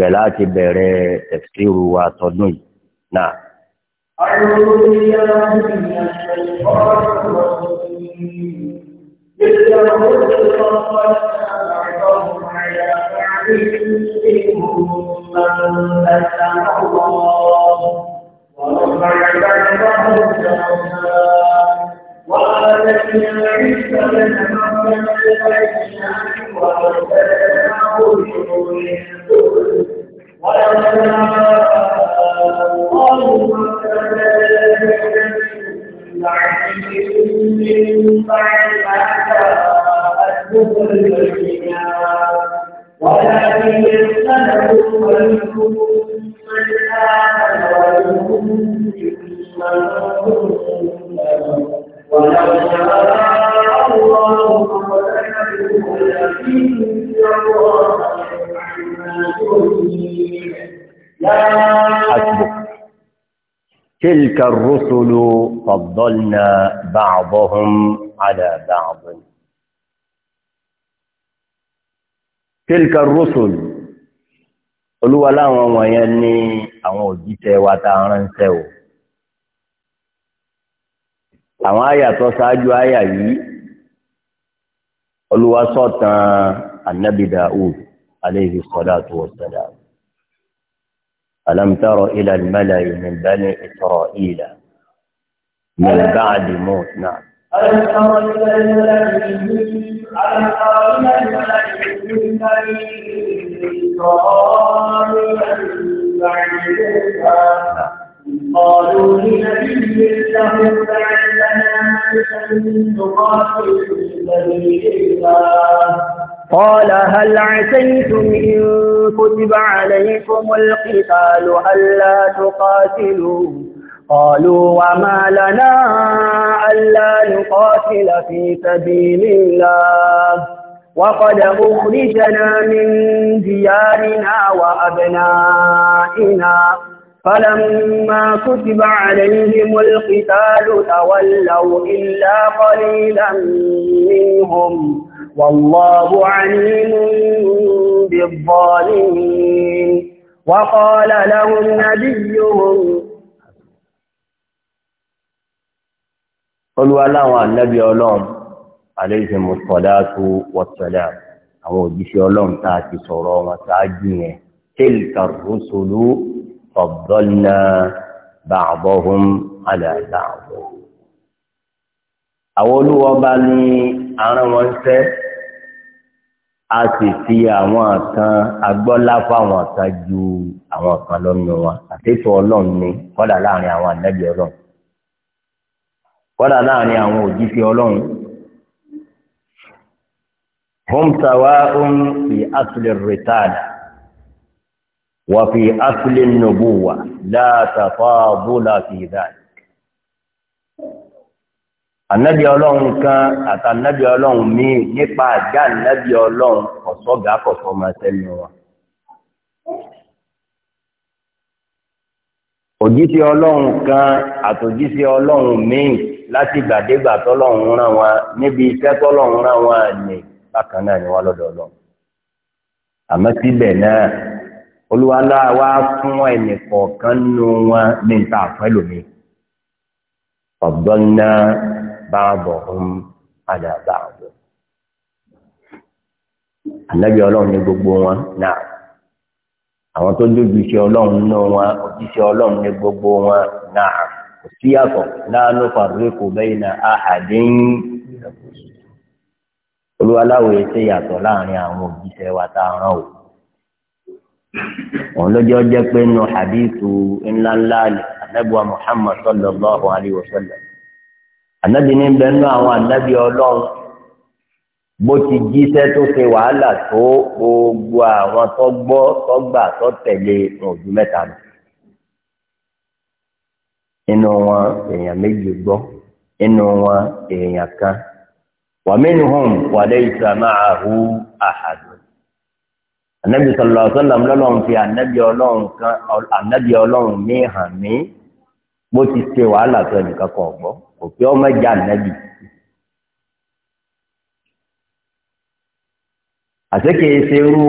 bẹ̀ láti bẹ̀rẹ̀ tẹ̀síru wa tọdún yìí náà. Thank you. وقالت يا عيسى ابن مريم لغيرنا وارسلناه بنور القدس ولما الله من بعد ما جاءت البينات ولكن اختلفوا منهم من آمن ومنهم ولو تلك الرسل فضلنا بعضهم على بعض تلك الرسل olúwa láwọn wọ̀nyẹn ní àwọn òjíṣẹ́ wa àwọn àyà tó ṣáájú àyà yìí olúwa sọ̀tàn anabi Dawud aleyhi salatu wa salam alam tara ila min bani isra'ila min ba'di Musa náà. ألم تر إلى الملأ ألم تر إلى الملأ من بني إسرائيل من بعد موسى قالوا لنبي له بعد لنا نقاتل في سبيل الله قال هل عسيتم إن كتب عليكم القتال ألا تقاتلوا قالوا وما لنا ألا نقاتل في سبيل الله وقد أخرجنا من ديارنا وأبنائنا فَلَمَّا كُتِبَ عَلَيْهِمُ الْقِتَالُ تَوَلَّوْا إلا قَلِيلًا منهم وَاللَّهُ عَلِيمٌ بالظالمين وَقَالَ لهم نبيهم قلوا لهم النبي لهم عليهم الصلاة والسلام àwọn òjíṣẹ́ ọlọ́run tá a ti فضلنا بعضهم على بعض àwọn olúwọba ní aràn wọn ṣẹ a sì fi àwọn kan agbọ́lá fáwọn kan ju àwọn kan lọ́nu wọn àtẹ́tù ọlọ́run ni kọ́dà láàrin àwọn ànábì ọlọ́run kọ́dà láàrin àwọn òjíṣẹ́ ọlọ́run hum sawa'un fi asli rìtáàdà وفي أصل النبوة لا تفاضل في ذلك anabi Ọlọ́run kan àti anabi Ọlọ́run míì nípa àjà anabi Ọlọ́run ọsọgà akọsọ máa tẹnu wa. òjíṣẹ́ Ọlọ́run kan àtòjíṣẹ́ Ọlọ́run míì láti gbàdégbà tọ́lọ́run rán wa níbi iṣẹ́ tọ́lọ́run rán wa bákan náà ni lọ́dọ̀ Ọlọ́run. àmọ́ Oluwala wa fún ẹnì kọ̀ọ̀kan nínú wọn ní nta àfẹ́lòmí ọ̀gbọ́n náà bá bọ̀ ń padà bá bọ̀. ọlọ́run ní gbogbo wọn náà àwọn tó lójú iṣẹ́ ọlọ́run nínú wọn ojúṣe ọlọ́run ní gbogbo wọn náà kò síyàtọ̀ kò bẹ́yìn náà ṣe yàtọ̀ láàrin àwọn òjíṣẹ́ wa tá a òun ló jẹ́ ọjọ́ pé nù hadithu ńláńlá anábìwa muhammad sallallahu alayhi wa sallam anábì ní bẹ́ẹ̀ nù àwọn anábì ọlọ́run bó ti jíṣẹ́ tó ṣe wàhálà tó gbogbo àwọn tó gbọ́ tó gbà tó tẹ̀lé òjú mẹ́ta lọ inú wọn èèyàn méjì gbọ́ inú wọn èèyàn kan wa minhum wa laysa ma'ahu ahadun anabi sọlọ sọlọ lọlọrun fi anabi Ọlọ́run kan anabi Ọlọ́run ní hàn mí bó ti ṣe wàhálà tó ẹnìkan kan gbọ́ kò pé ọmọ ẹja anabi. àtẹkẹyẹ ṣe rú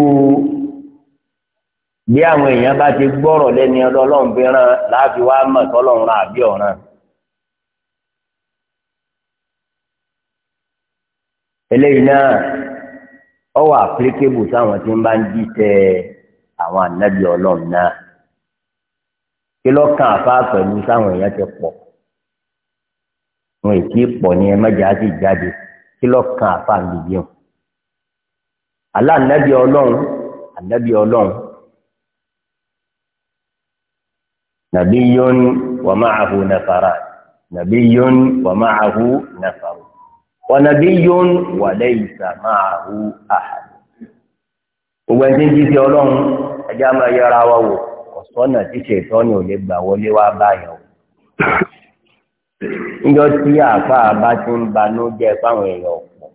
bí àwọn èèyàn bá ti gbọ́rọ̀ lẹ́ni Ọlọ́run fi ràn láàfin wá mọ̀ sọ́lọ́run àbí ọ̀ràn. eléyìí náà ọwọ́ àplikébù táwọn tí ń bá ń jíṣẹ́ àwọn ànábì ọlọ́run náà kí lọ́kàn àfa pẹ̀lú sáwọn èèyàn ti pọ̀ wọn èkì pọ̀ ní ẹ mẹ́jà sì jáde kí lọ́kàn àfa nìyí o aláànábì ọlọ́run ànábì ọlọ́run nàbí yón wàmáàhù nàfàrà nàbí yón wàmáàhù nàfàrà wa nabiyyun wa laysa ma'ahu ahad gbogbo ẹni tí ń jíṣẹ́ ọlọ́run ẹja máa yẹra wa wò ọ̀sọ́nà tí ṣètọ́ni ò lè gbà wọlé wá báyọ̀ níjọ́ tí àáfàá bá ti ń banú jẹ́ fáwọn èèyàn ọ̀pọ̀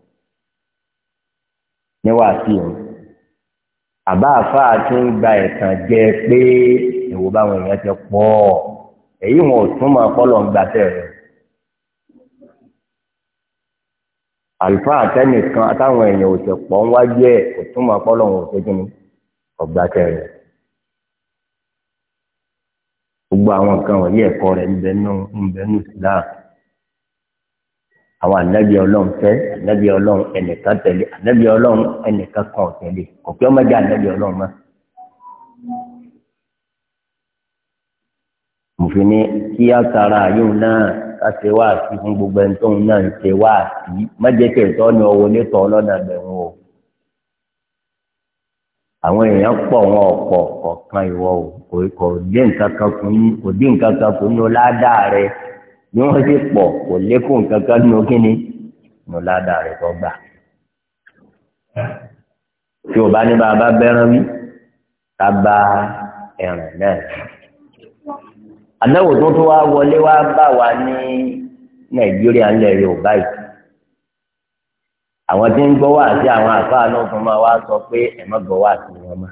níwáàsí òun àbá àáfàá ti ń gba ẹ̀tàn jẹ pé èwo báwọn èèyàn ti pọ̀ èyí wọn ò túmọ̀ kọ́lọ̀ ń gbàtẹ́ rẹ̀ àlùfáà àtẹnìkan àtàwọn èèyàn òsè pọ̀ ń wájú ẹ̀ kò túmọ̀ pọ́lọ́hún òṣèjú ni ọgbà kẹrẹ. gbogbo àwọn nǹkan wọ̀nyí ẹ̀kọ́ rẹ̀ ń bẹ nù ń bẹ nù Islam. àwọn ànábì ọlọ́run fẹ́ ànábì ọlọ́run ẹnìkan tẹ̀lé ànábì ọlọ́run ẹnìkan kan tẹ̀lé ọ̀pẹ́ ọmọdé ànábì ọlọ́run mọ́. mo fi ní kí á tara àyùn náà káṣe wáàsí fún gbogbo ẹni tóun náà ń ṣe wáàsí májèké ìtọ́ ni ọwọ́ onítọ̀ ọlọ́dà bẹ̀rù o àwọn èèyàn pọ̀ wọn ọ̀pọ̀ ọ̀kan ìwọ o dín nǹkan kan kún kò dín nǹkan kan kún ládàá rẹ bí wọ́n sì pọ̀ kò lékún nǹkan kan nínú ní ládàá rẹ tó gbà tí o bá ní bàbá bẹ́ràn wí ká bá ẹ̀ràn náà àdáwò tó tó wá wọlé wá bá wa ní nàìjíríà ńlẹ̀ yorùbá yìí àwọn tí ń gbọ́ wá sí àwọn àfáà náà fún ma wá sọ pé ẹ má gbọ́ wá sí wọn mọ́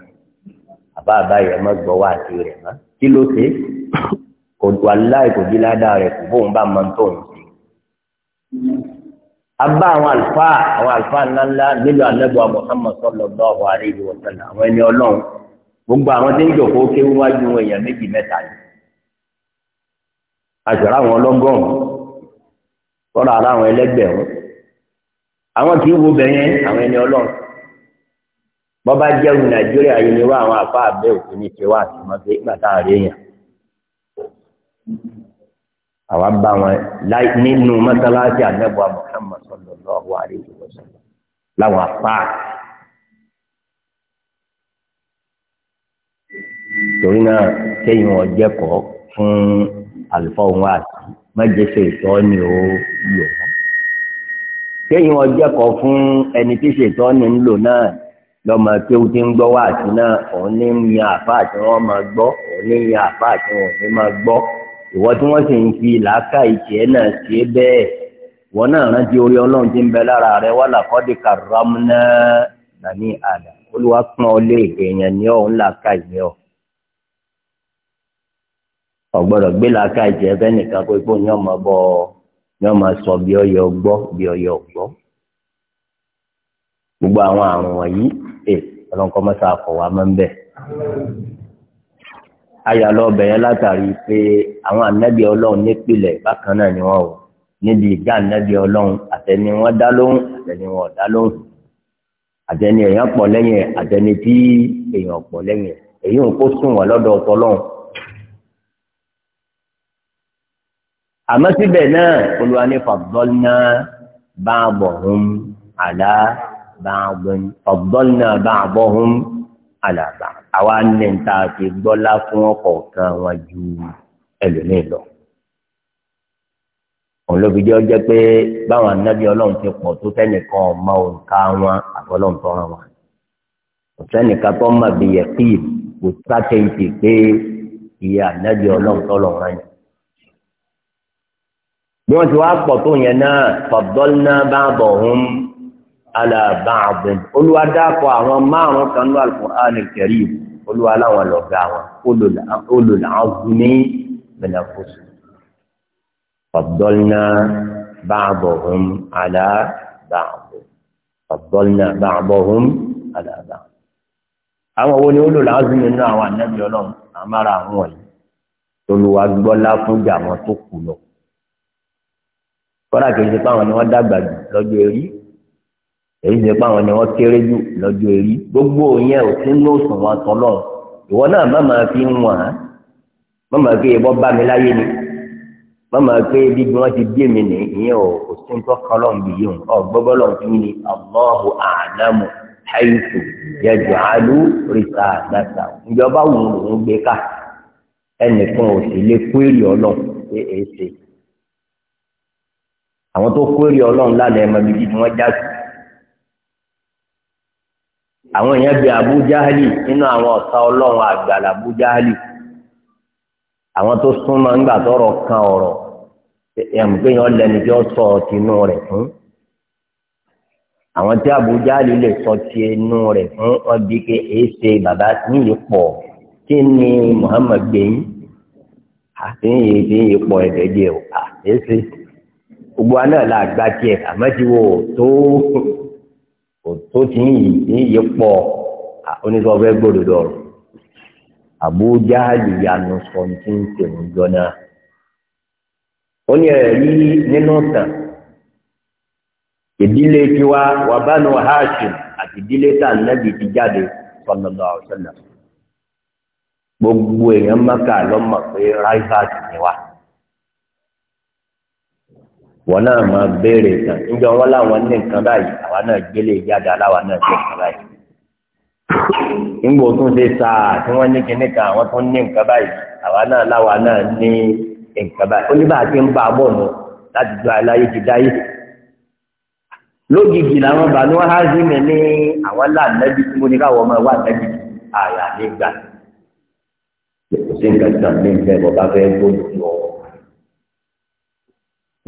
àbá àbáyọ ẹ má gbọ́ wá sí rẹ̀ mọ́ kí ló ṣe kò tó aláì kò dín ládàá rẹ̀ kò bóun bá mọ tó ń ṣe. abá àwọn àlùfáà àwọn àlùfáà ńláńlá nílò àlẹ́bùwà Muhammad sallallahu alaihi wa sallam àwọn ẹni ọlọ́run gbogbo àwọn tí ń jòkó kéwú wọn èèyàn méjì mẹ́ta yìí àṣàrà àwọn ọlọ́gọ́rùn kọ́ra ara àwọn ẹlẹ́gbẹ̀rún àwọn kì í wo bẹ̀yẹn àwọn ẹni ọlọ́run bọ́bá jẹ́rù nàìjíríà yìí ni wá àwọn àfa àbẹ́ òkú ní tiwa àti mọ́tò nígbà tá a rí èèyàn àwa bá wọn nínú mọ́sálásí àdẹ́bọ̀ Muhammad sallallahu alaihi wasallam láwọn afá torí náà kéyìn ọ̀jẹ̀kọ̀ fún àlùfọ́ òun wá sí mẹ́jẹsẹ̀ ìtọ́ ni ó lò wọ́n. kéyìn wọn jẹ́kọ̀ọ́ fún ẹni tí ṣètọ́ ni ń lò náà lọ́mọ tí ó ti ń gbọ́ wá sí náà òun ní ń yan àfa àti wọ́n máa gbọ́ òun ní ń yan àfa àti wọ́n ní máa gbọ́ ìwọ tí wọ́n sì ń fi làákà ìṣe náà ṣe bẹ́ẹ̀ ìwọ náà rántí orí ọlọ́run ti ń bẹ lára rẹ wà lákọ́dé kàrámù náà nàní àdá olúwa ọ ọ̀gbọ́dọ̀ gbé làákà ìjẹ́ ẹbẹ́ nìkan pé kó ní ọmọ bọ́ ọmọ sọ bí ọyọ gbọ́ bí ọyọ gbogbo àwọn àrùn wọ̀nyí ẹ ọlọ́nkọ́ mọ́sá ń bẹ̀. látàrí pé àwọn bákan náà ni o níbi àtẹni wọn dá lóhùn àtẹni wọn ò dá lóhùn àtẹni èèyàn àtẹni àmọ́ síbẹ̀ náà olúwa ní fàbọ́lná bá a bọ̀ hún àlá bá a bọ̀n fàbọ́lná bá a bọ̀ hún àlá bá àwa ní ta fi gbọ́lá fún ọkọ̀ọ̀kan wọn ju ẹlòmíì lọ. òun ló fi jẹ́ ọjọ́ pé báwọn anábì ọlọ́run ti pọ̀ tó fẹ́nìkan ọmọ òǹkà wọn àbọ̀lọ́run tọ́ra wọn. òfẹ́nìkan tó mọ̀ bí yẹ kò sáté ìpè pé ìyá anábì ọlọ́run tọ́lọ̀ wọn bí wọ́n ti wá pọ̀ tó yẹn náà faddalna ba'dahum ala ba'd olúwa dáàpọ̀ àwọn márùn kan ní al-Qur'an al-Karim olúwa láwọn lọ̀gá wọn ulul azmi min al-rusul faddalna ba'dahum ala ba'd faddalna ba'dahum ala àwọn wo ni ulul nínú àwọn ànábì àmàrà àwọn wọ̀nyí olúwa fún jà tó kù lọ kọ́dà kìí ṣe páwọn ni wọ́n dàgbà jù lọ́jọ́ èrí èyí ṣe páwọn ni wọ́n kéré jù lọ́jọ́ èrí gbogbo yẹn ò sí ní òsùn wọn tán lọ ìwọ náà má máa fi ń wọ̀n á má máa fi ìbọn bá mi láyé ni má máa fi bí wọ́n ti bí èmi nì ìyẹn ò sí ń tọ́ka ọlọ́run bì yìí ọ̀ gbọ́gbọ́ lọ́n fi ni Allahu a'lamu haythu yaj'alu risalata ìjọba wù ú gbé ká ẹnìkan ò sì lè kú èrè ọlọ́run àwọn tó kórè ọlọ́run lálẹ́ ẹ̀mọ́ ibi tí wọ́n já sí. àwọn èèyàn bíi Abu Jahali nínú àwọn ọ̀tá ọlọ́run àgbàlá Abu Jahali àwọn tó súnmọ́ ńgbà tọrọ kan ọ̀rọ̀ ẹ̀mú pé yẹn tí sọ rẹ̀ fún. àwọn tí lè sọ ti rẹ̀ fún ọbí ké èé ṣe bàbá níyì pọ̀ kí ni gbẹ̀yìn àti gbogbo aná la gba tiẹ̀ àmọ́ tí wo tó tó ti ń yí ní yí pọ̀ oníṣòwò fẹ́ gbòdò dọ̀rọ̀ àbújá ìyanu sọ̀tì ń ó ní ẹ̀rí nínú tàn ìdílé tiwa wà bánu Hashim àti ìdílé tà nábì ti jáde sallallahu alaihi wasallam gbogbo èèyàn Mẹ́kà lọ́mọ pé ráìfàsì ni wà wọn náà máa béèrè tán níjọ wọn láwọn ní nǹkan báyìí àwa náà gbélé ìyáda láwa náà ní nǹkan báyìí nígbà tó ń ṣe sáà tí wọn ní kinní kan àwọn tó ní nǹkan báyìí àwa náà láwa náà ní nǹkan báyìí ó ní bá a ti ń bá a bọ̀ nù láti gba aláyé ti dáyé lójijì làwọn bàánú házìmì ní àwọn láǹdẹ́bí tí mo ní káwọn ọmọ wa nẹ́bí àyà nígbà kò sí nǹkan tí wọn ní bẹ́ẹ̀ bọ́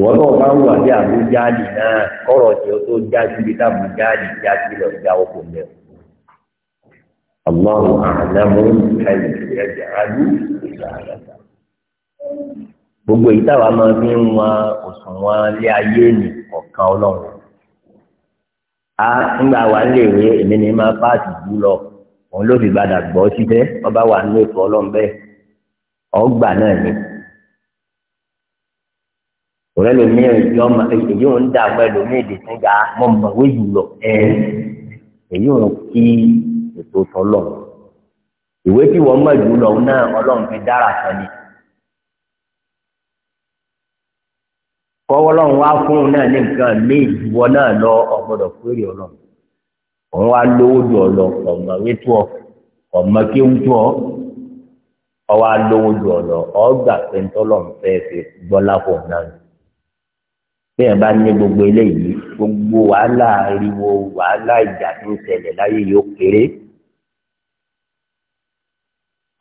wọn náà bá ń wà bí àbújáde náà kọ̀rọ̀ tí ó tó já síbi tábújáde já sí lọ já oko mẹ Allahu a'lamu ẹ̀yìn ẹ̀jẹ̀ adú ìgbà àgbàdà gbogbo èyí táwa máa fi ń wọn òṣùwọ̀n ilé ayé nì ọ̀kan ọlọ́run a ńgbà wà nílé èmi ni máa páàtì jù lọ òun ló fi gbàdà gbọ́ síbẹ̀ ọba wà nínú ètò ọlọ́run bẹ́ẹ̀ ọgbà náà ni òrẹ́ lè mí èyí ọmọ èyí òun dà mọ́ ẹlòmíì dè sí ga mọ́ mọ̀wé jù lọ ẹ̀ èyí òun kí ètò tọ́lọ̀ ìwé tí wọ́n mọ̀ jù lọ náà ọlọ́run fi dára sọ ni. kọ́wọ́lọ́run wá fún un náà ní nǹkan míì ìwọ náà lọ ọ̀gbọ́dọ̀ péré ọlọ́run òun wá lówó ju ọ lọ ọ̀mọ̀wé tó ọ kéwú tó ọ ọwọ́ alówó ju ọ lọ ọgbà pé ńtọ́lọ́run fi gbọ́lá fún un náà bẹ́ẹ̀ bá ní gbogbo eléyìí gbogbo wàhálà ariwo wàhálà ìjà tó ń ṣẹlẹ̀ láyé yóò kéré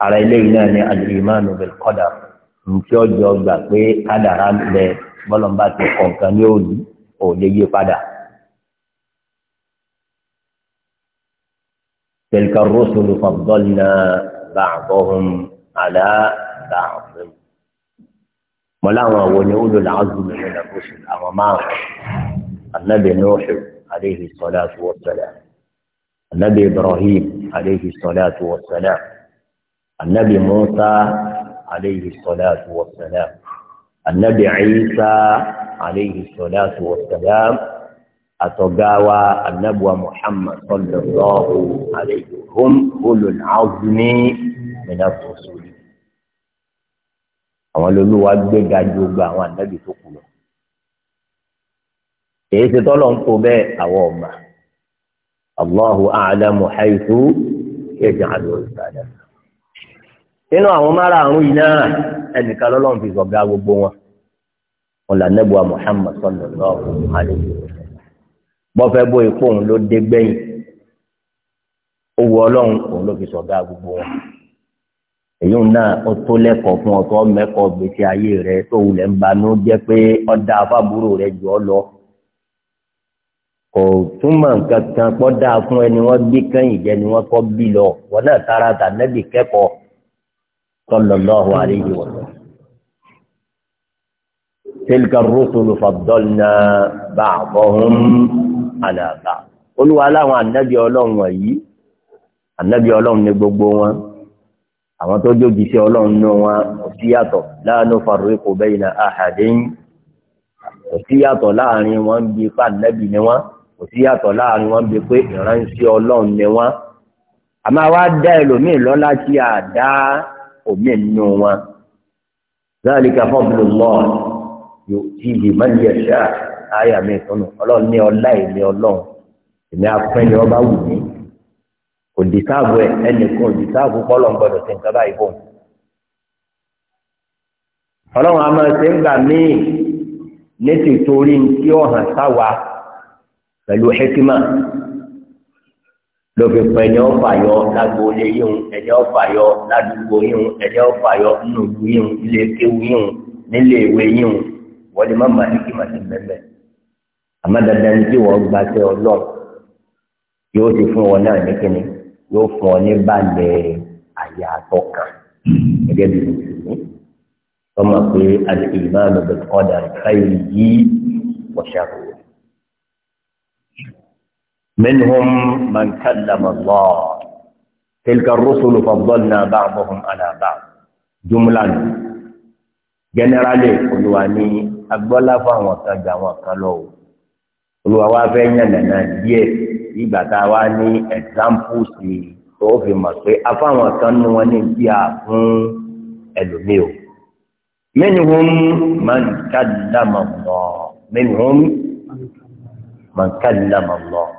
ara eléyìí náà ni al-imanu bil qadar nti ọjọ́ gbà pé kádàrá ń bẹ bọ́lọ́mbà ti kọ̀ nǹkan ní òní ò lè yí padà. tilka ar-rusulu faddalna ba'dahum ala ba'd. ملاوه ونعود العزم من الرسل او النبي نوح عليه الصلاه والسلام النبي ابراهيم عليه الصلاه والسلام النبي موسى عليه الصلاه والسلام النبي عيسى عليه الصلاه والسلام اتوغاوا النبي محمد صلى الله عليه وسلم هم اولو العظم من الرسل àwọn lolúwa gbéga ju gba àwọn ànábì tó kù lọ èyí ti tọ́lọ̀ ń kó bẹ́ẹ̀ àwọn ọ̀ma allahu a'lamu haythu yaj'alu risalah nínú àwọn márààrún yìí náà ẹnìkan lọ́lọ́run fi sọ̀gá gbogbo wọn wọn là nẹ́bùa muhammad sallallahu alayhi wa bọ́fẹ́ bó ipò òun ló dé gbẹ̀yìn ó ọlọ́run òun ló fi sọ̀gá gbogbo wọn èyí náà ó tó lẹ́kọ̀ọ́ fún ọ̀tọ́ mẹ́kọ̀ọ́ gbèsè ayé rẹ tó wulẹ̀ ń banú jẹ́ pé ọ̀dà afábúrò rẹ jù ọ́ lọ. kò túmọ̀ nǹkan kan pọ́ dáa fún ẹni wọ́n bí kẹ́yìn jẹ́ ni wọ́n kọ́ bí lọ wọn náà tara tà nẹ́bì kẹ́kọ̀ọ́ sallallahu alayhi wa sallam. tilka rusulu faddalna ba'dahum ala ba'd. olúwa láwọn ànábì ọlọ́run wọ̀nyí ànábì ọlọ́run ni gbogbo wọn àwọn tó jójì sí ọlọ́run náà wọn kò sí yàtọ̀ la nufarriqu bayna ahadin kò sí yàtọ̀ láàrin wọn bí ipá nẹ́bì ni wọn kò sí yàtọ̀ láàrin wọn bí pé ìránṣẹ́ ọlọ́run ni wọn àmọ́ àwa dá ẹlòmíì lọ́lá tí a dá òmíì nínú wọn zalika fadlullah yu'tihi man yasha' àyà mi sọnù ọlọ́run ní ọlá ọlọ́run èmi afẹ́ ni ọba wù mí kò dìsáàbù ẹ ẹnìkan ò dìsáàbù kọ́lọ̀ ń gbọ́dọ̀ sí nǹkan báyìí fún un. ọlọ́run a máa ṣe ń gbà míì ní ti torí tí ó hàn sáwa pẹ̀lú hekima lófin pẹ̀ ẹni ọ̀fà yọ lágbóolé yíhun ẹni ọ̀fà yọ ládùúgbò yíhun ẹni ọ̀fà yọ nínú ìlú yíhun ilé kéwu yíhun nílé ìwé yíhun wọ́n lè má máa hekima sí mẹ́mẹ́ àmọ́ dandan ní tí wọ́n gbàṣẹ ọlọ́run yóò ti fún wọn náà ní kíni yóò fún ọ ní balẹ̀ àyà àtọ́kà gẹ́gẹ́ bí mùsùlùmí tọ́mọ pé àdìgbà lọ́bẹ̀ kọ́dà káyọ̀ yí wọ̀ṣàkó. منهم من كلم الله تلك الرسل فضلنا بعضهم على بعض جملة جنرالي olùwà ní agbọ́lá fún àwọn kan jà àwọn kan lọ olùwà wa fẹ́ yànnàná díẹ̀ ìgbà tá a wá ní examples yìí tó fi mọ̀ pé afáwọn kan nu wọn ní bí a fún ẹlòmíì o. minhum man kallama Allah minhum man kallama Allah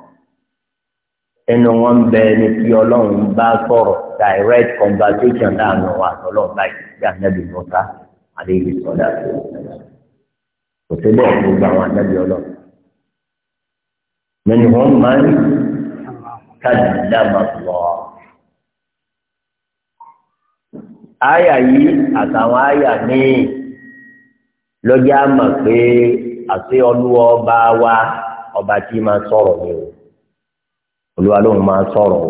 ẹnu wọn bẹ ní kí ọlọ́run bá sọ̀rọ̀ direct conversation láàrin wa àtọ́lọ́run báyìí bí anábì mọ́ta àdéhìí sọ́dà tó. kò sí bẹ́ẹ̀ gbogbo àwọn anábì ọlọ́run. منهم من كلم الله àyà yìí àtàwọn àyà míì lọ́jà mọ̀ pé àti olúwa ọba wa ọba tí máa sọ̀rọ̀ ni o olúwa ló ń máa sọ̀rọ̀ o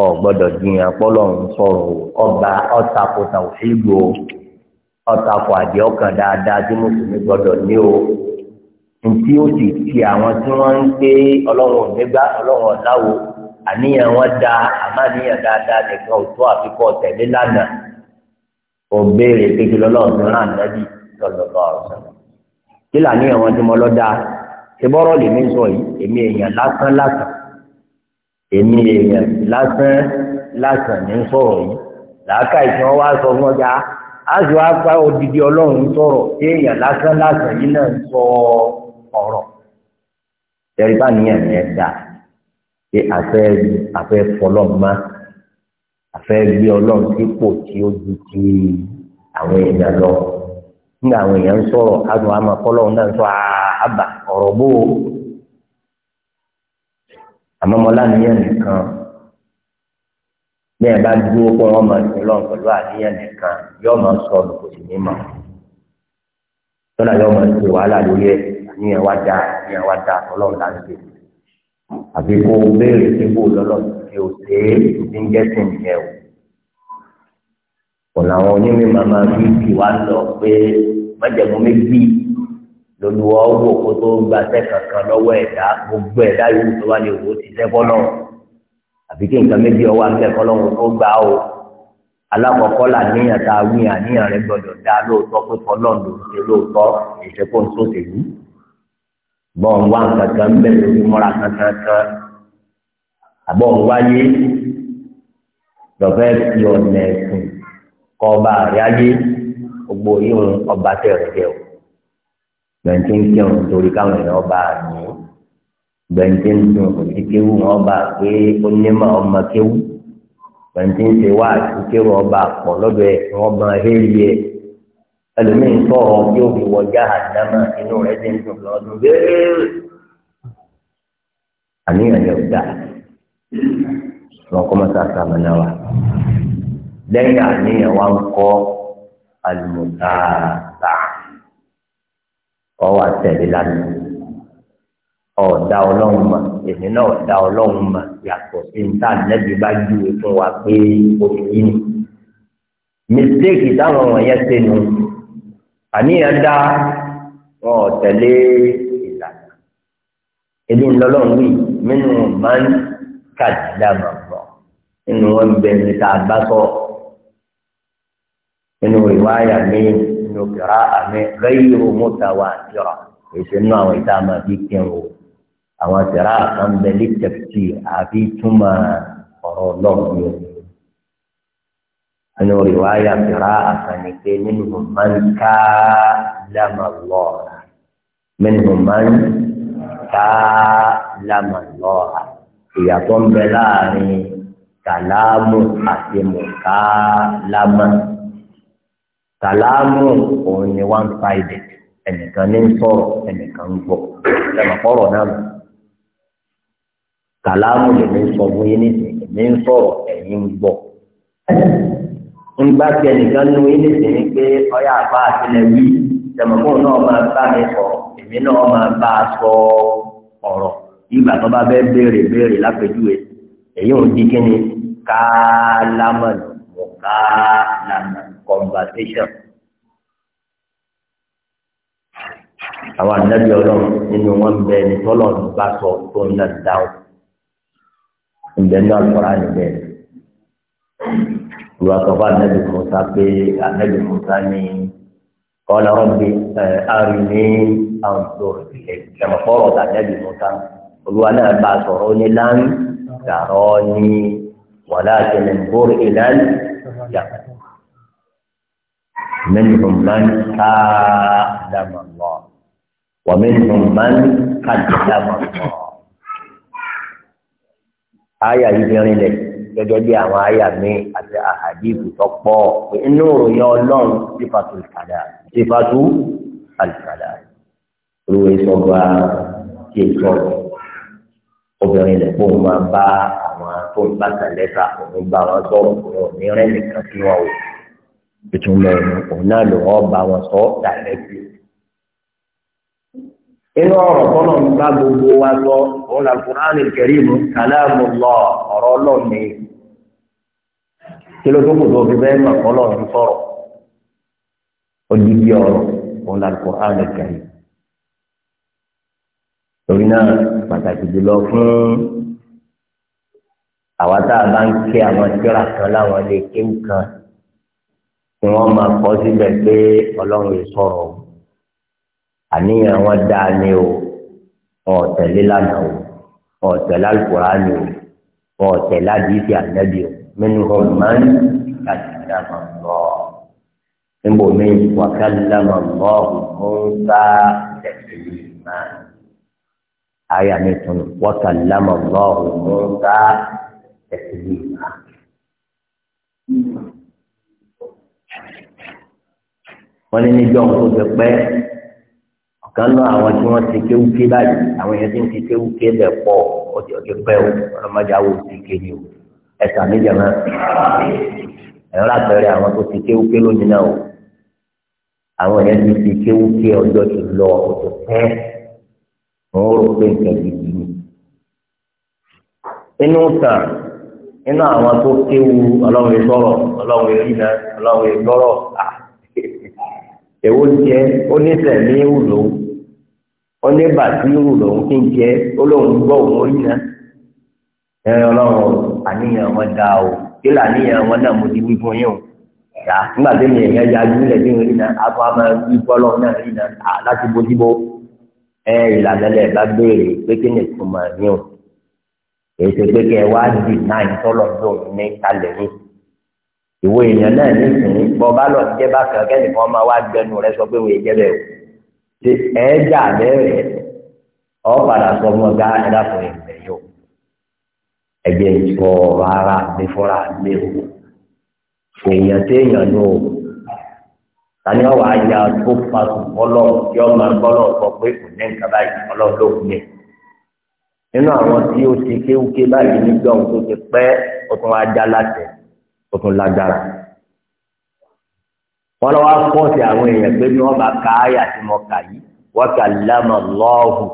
ọ gbọ́dọ̀ jiyàn pọ́lọ̀ ń sọ̀rọ̀ o ọba ọ̀tàkùtà òṣèlú o ọ̀tàkù àdìọ́kàn dáadáa tí mùsùlùmí gbọ́dọ̀ ní o ntí ó sì ti àwọn tí wọ́n ń gbé ọlọ́run òdégbá ọlọ́run ọ̀dáwò àníyàn wọn da àmọ́ àníyàn dáadáa nìkan òtún àfikọ́ tẹ̀lé lánàá ó béèrè kékeré ọlọ́run tó rán ànábì lọ́lọ́lọ́ ọ̀sán kí làníyàn wọn ti mọ lọ́dà ṣe bọ́rọ̀ lèmi sọ yìí èmi èèyàn lásán lásán èmi èèyàn lásán lásán ní sọ̀rọ̀ yìí làákà ìtàn wa sọ fún ọjà á sì wá pa odidi ọlọ́run sọ̀rọ̀ tí lásán lásán yìí náà sọ ọ́ ẹ̀rí bá níyàn yẹn dà pé àfẹ́ àfẹ́ fọlọ́mọ àfẹ́ gbé ọlọ́run sípò tí ó ju ti àwọn èèyàn lọ nígbà àwọn èèyàn ń sọ̀rọ̀ adùn àmọ́ kọ́lọ́run náà ń sọ àbà ọ̀rọ̀ bó o àmọ́ mọ́lá níyàn nìkan bí ẹ bá dúró pé wọ́n máa lọ́n pẹ̀lú àníyàn nìkan yóò máa sọnù kò sì ní mọ̀ tọ́lá yóò máa ṣe wàhálà lórí ẹ̀ àníyàn wá dáa ni wa dáa ọlọ́run là ń ṣe àbí kó o béèrè síbò lọ́lọ́ kí o ṣe é ní gẹ́sìn nìyẹn o. ọ̀nà àwọn onímọ̀ máa fi kì wá lọ pé májẹ̀mú méjì lolùwọ́ wò kó tó gba sẹ́kànkan lọ́wọ́ ẹ̀dá gbogbo ẹ̀dá yòówù tó wà ní òwò ti sẹ́kọ́ náà àbí kí nǹkan méjì ọwọ́ akẹ́kọ̀ọ́ lọ́wọ́ tó gbà o alákọ̀ọ́kọ́ là níyàn tá a wíyàn níyàn rẹ gbọ́dọ̀ dá lóòótọ́ pé fọlọ́ọ̀dù ṣe lóòótọ́ ìṣẹ́kọ̀ọ́ tó ṣèlú bọ́ ń wá kankan bẹ́ẹ̀ lórí mọ́ra kankan kan àbọ̀ ń wáyé lọ́fẹ́ fi ọ̀nà ẹ̀sìn kọ́ ọba àríyáyé gbogbo yíyún ọba tẹ̀rẹ̀ jẹ́ o gbẹ̀ntì ń kírun torí káwọn èèyàn ọba àmì gbẹ̀ntì ń dùn òsì kéwù wọn ọba pé onímọ̀ ọmọ kéwù gbẹ̀ntì ń ṣe wá àti kéwù ọba pọ̀ lọ́dọ̀ ẹ̀ wọ́n ban hélì ẹ̀ ẹlòmíì sọ̀rọ̀ bí ó fi wọ jahannama inú rẹ̀ ti ń dùn lọ́dún béèrè àníyàn yẹn ò dáa wọn kọ́ mọ́tà sàmánà wa lẹ́yìn àníyàn wa ń kọ́ àlùmọ́tàtà ọwọ́ àtẹ̀lé lánàá ọ̀dà ọlọ́run mà èmi náà ọ̀dà ọlọ́run mà yàtọ̀ sí níta nẹ́bí bá júwe fún wa pé omi yìí ni mistake táwọn wọ̀nyẹn ṣe nù àníyàn dá wọn ò tẹ̀lé ìlànà ebi ńlọlọ́run wí mínú máa ń kàdídà máa bọ̀ nínú wọn bẹ ní tá a bá sọ nínú ìwáyà mi nínú kìrá àmì rẹ́yìrò mọ́ta wà kíra èsì nínú àwọn ìta máa fi kí n àwọn kìrá àkànbẹ̀lì tẹ̀pìtì àfi túmọ̀ ọ̀rọ̀ ọlọ́run yìí ẹni rìwáyà fìrà àkànní pé nínú man ká lámà lọ́ra nínú man ká lámà lọ́ra ìyàtọ̀ ń bẹ láàrin kàlámù àti mùká lámà kàlámù òun ni one sided ẹnìkan ní sọ̀rọ̀ ẹnìkan ń gbọ́ ẹnìkọ́rọ̀ náà kàlámù lèmi sọ fún yín nísìnyí èmi ń sọ̀rọ̀ ẹ̀yin ń gbọ́ ńgbà tí ẹnìkan ní wọ́n yé sèé pé ọyá àbá àtìlẹ̀ wí tẹ̀mọ̀kún náà máa bá mi sọ èmi náà máa bá a sọ ọ̀rọ̀ ìgbà tó bá bẹ́ẹ̀ béèrè béèrè lápẹjúwe èyí ò di kí ni kálámọ̀nù mọ̀ kálámọ̀nù conversation. àwọn àdájọ ọlọ́run nínú wọn ń bẹ ẹni tọ́lọ̀ ń bá sọ tó ń dáhùn ń bẹ ní àlùkòrán níbẹ̀ ìwàsọ̀fà nẹ́bí musa pé anẹ́bí musa ní kọ́lá rọ́bì àrùn ní àwọn ìṣòro ìpìlẹ̀ ìṣẹ̀mọ̀fọ́rọ̀ tà nẹ́bí musa olúwa náà bá a sọ̀rọ̀ ní lánì dàrọ́ ní wàlá àjẹlẹ̀ bórí ìlànà ìjà. منهم من كلم الله ومنهم من كلم الله آية يبين لك gẹ́gẹ́ bí àwọn àyà mi àti àhàdìbù tó pọ̀ pé inú ìròyìn ọlọ́run sífàtú ìkàdà sífàtú àlùkàdà olùwé sọgbà tí è sọ obìnrin lè fóun máa bá àwọn tó ń bá tàlẹ́tà òun bá wọn sọ òun ní rẹ́ nìkan sí wọn o ìtumọ̀ òun náà ló wọ́n bá wọn sọ tàlẹ́tì. inú ọ̀rọ̀ tọ́nà ń bá gbogbo wa sọ òun làkúránì kẹrìmù kàlámù lọ ọ̀rọ̀ ọlọ́ọ̀ni kí ló dókòó tó fi bẹ́ẹ̀ mọ̀ kọ́ lọ́rùn sọ̀rọ̀ odidi ọ̀rọ̀ òun là kọ́ ààrẹ kẹrin torí náà pàtàkì jùlọ fún àwa tá a bá ń ké àwọn tíra kan láwọn ilé kéwù kan tí wọ́n máa kọ́ síbẹ̀ pé ọlọ́run yìí sọ̀rọ̀ o àníyàn wọn dáa ni o ọ̀tẹ̀lélànà o ọ̀tẹ̀lálùkùrá ni o ọ̀tẹ̀ládìísì ànábì o. من من كلم الله níbo mi وكلم الله mọ́ńsá tẹ̀sílímà àyà mi tún wàkàlámà lọ́ọ̀hùn mọ́ńsá tẹ̀sílímà. wọ́n ní níjọ́ nǹkan tó pẹ́ ọ̀kan náà àwọn tí wọ́n ti kéwúké báyìí àwọn èèyàn ti ń ti kéwúké bẹ̀ pọ̀ ọ̀dẹ̀ ọ̀dẹ̀ pẹ́ o ọlọ́mọdé àwọn ti kéde Eka méjàmá ẹ̀rọ àpẹẹrẹ àwọn tó ti kéwúké lónìí náà o àwọn yẹn ti ti kéwúké ọjọ́ ti lọ ọ̀tọ̀ pẹ́ wọ́n rò pé nǹkan ni. inú tàn inú àwọn tó kéwu ọlọ́run sọ̀rọ̀ ọlọ́run ìrìnà ọlọ́run ìgbọ́rọ̀ èwo jẹ onísẹ̀mí wù lòun ẹ ọlọ́run àníyàn wọn dá o kí làníyàn wọn náà mo ti wí fún yín o yà nígbà tí mi èèyàn ya ju ilẹ̀ tí mo rí náà akọ àmọ́ wí bọ́lọ́ náà rí náà láti bójúbó ẹ ìlànà lẹ̀ bá béèrè pé kí ni ìtumọ̀ yín o èyí ṣe pé kí ẹ wá dì náà ìtọ́lọ̀ tó ní kalẹ̀ yín ìwé èèyàn náà nísìnyí bọ́ bá lọ jẹ́ bákan kẹ́nìkan máa wá gbẹnu rẹ sọ pé wòye jẹ́ bẹ́ẹ̀ o ṣe ẹ̀ jà bẹ́ẹ̀ ọ̀ padà sọ ọmọ ọ̀gá ẹ̀dá fún ìgbẹ̀yìn o ẹ̀jẹ̀ ìtọ̀ rárá nífọ́ra lé o èèyàn tí èèyàn ló o tani ọwọ ayé tó pàtó bọlọ tí ọmọ bọlọ sọ pé kò ní nǹkan báyìí bọlọ ló ń lè nínú àwọn tí ó ti kéwúké báyìí nígbà ohun tó ti pẹ́ ó tún wá já láti ó tún lágbára wọn lọ wá pọ́ọ̀sì àwọn èèyàn pé bí wọ́n bá ka àyà tí mo kà yìí wọ́n kà lámà lọ́ọ̀hù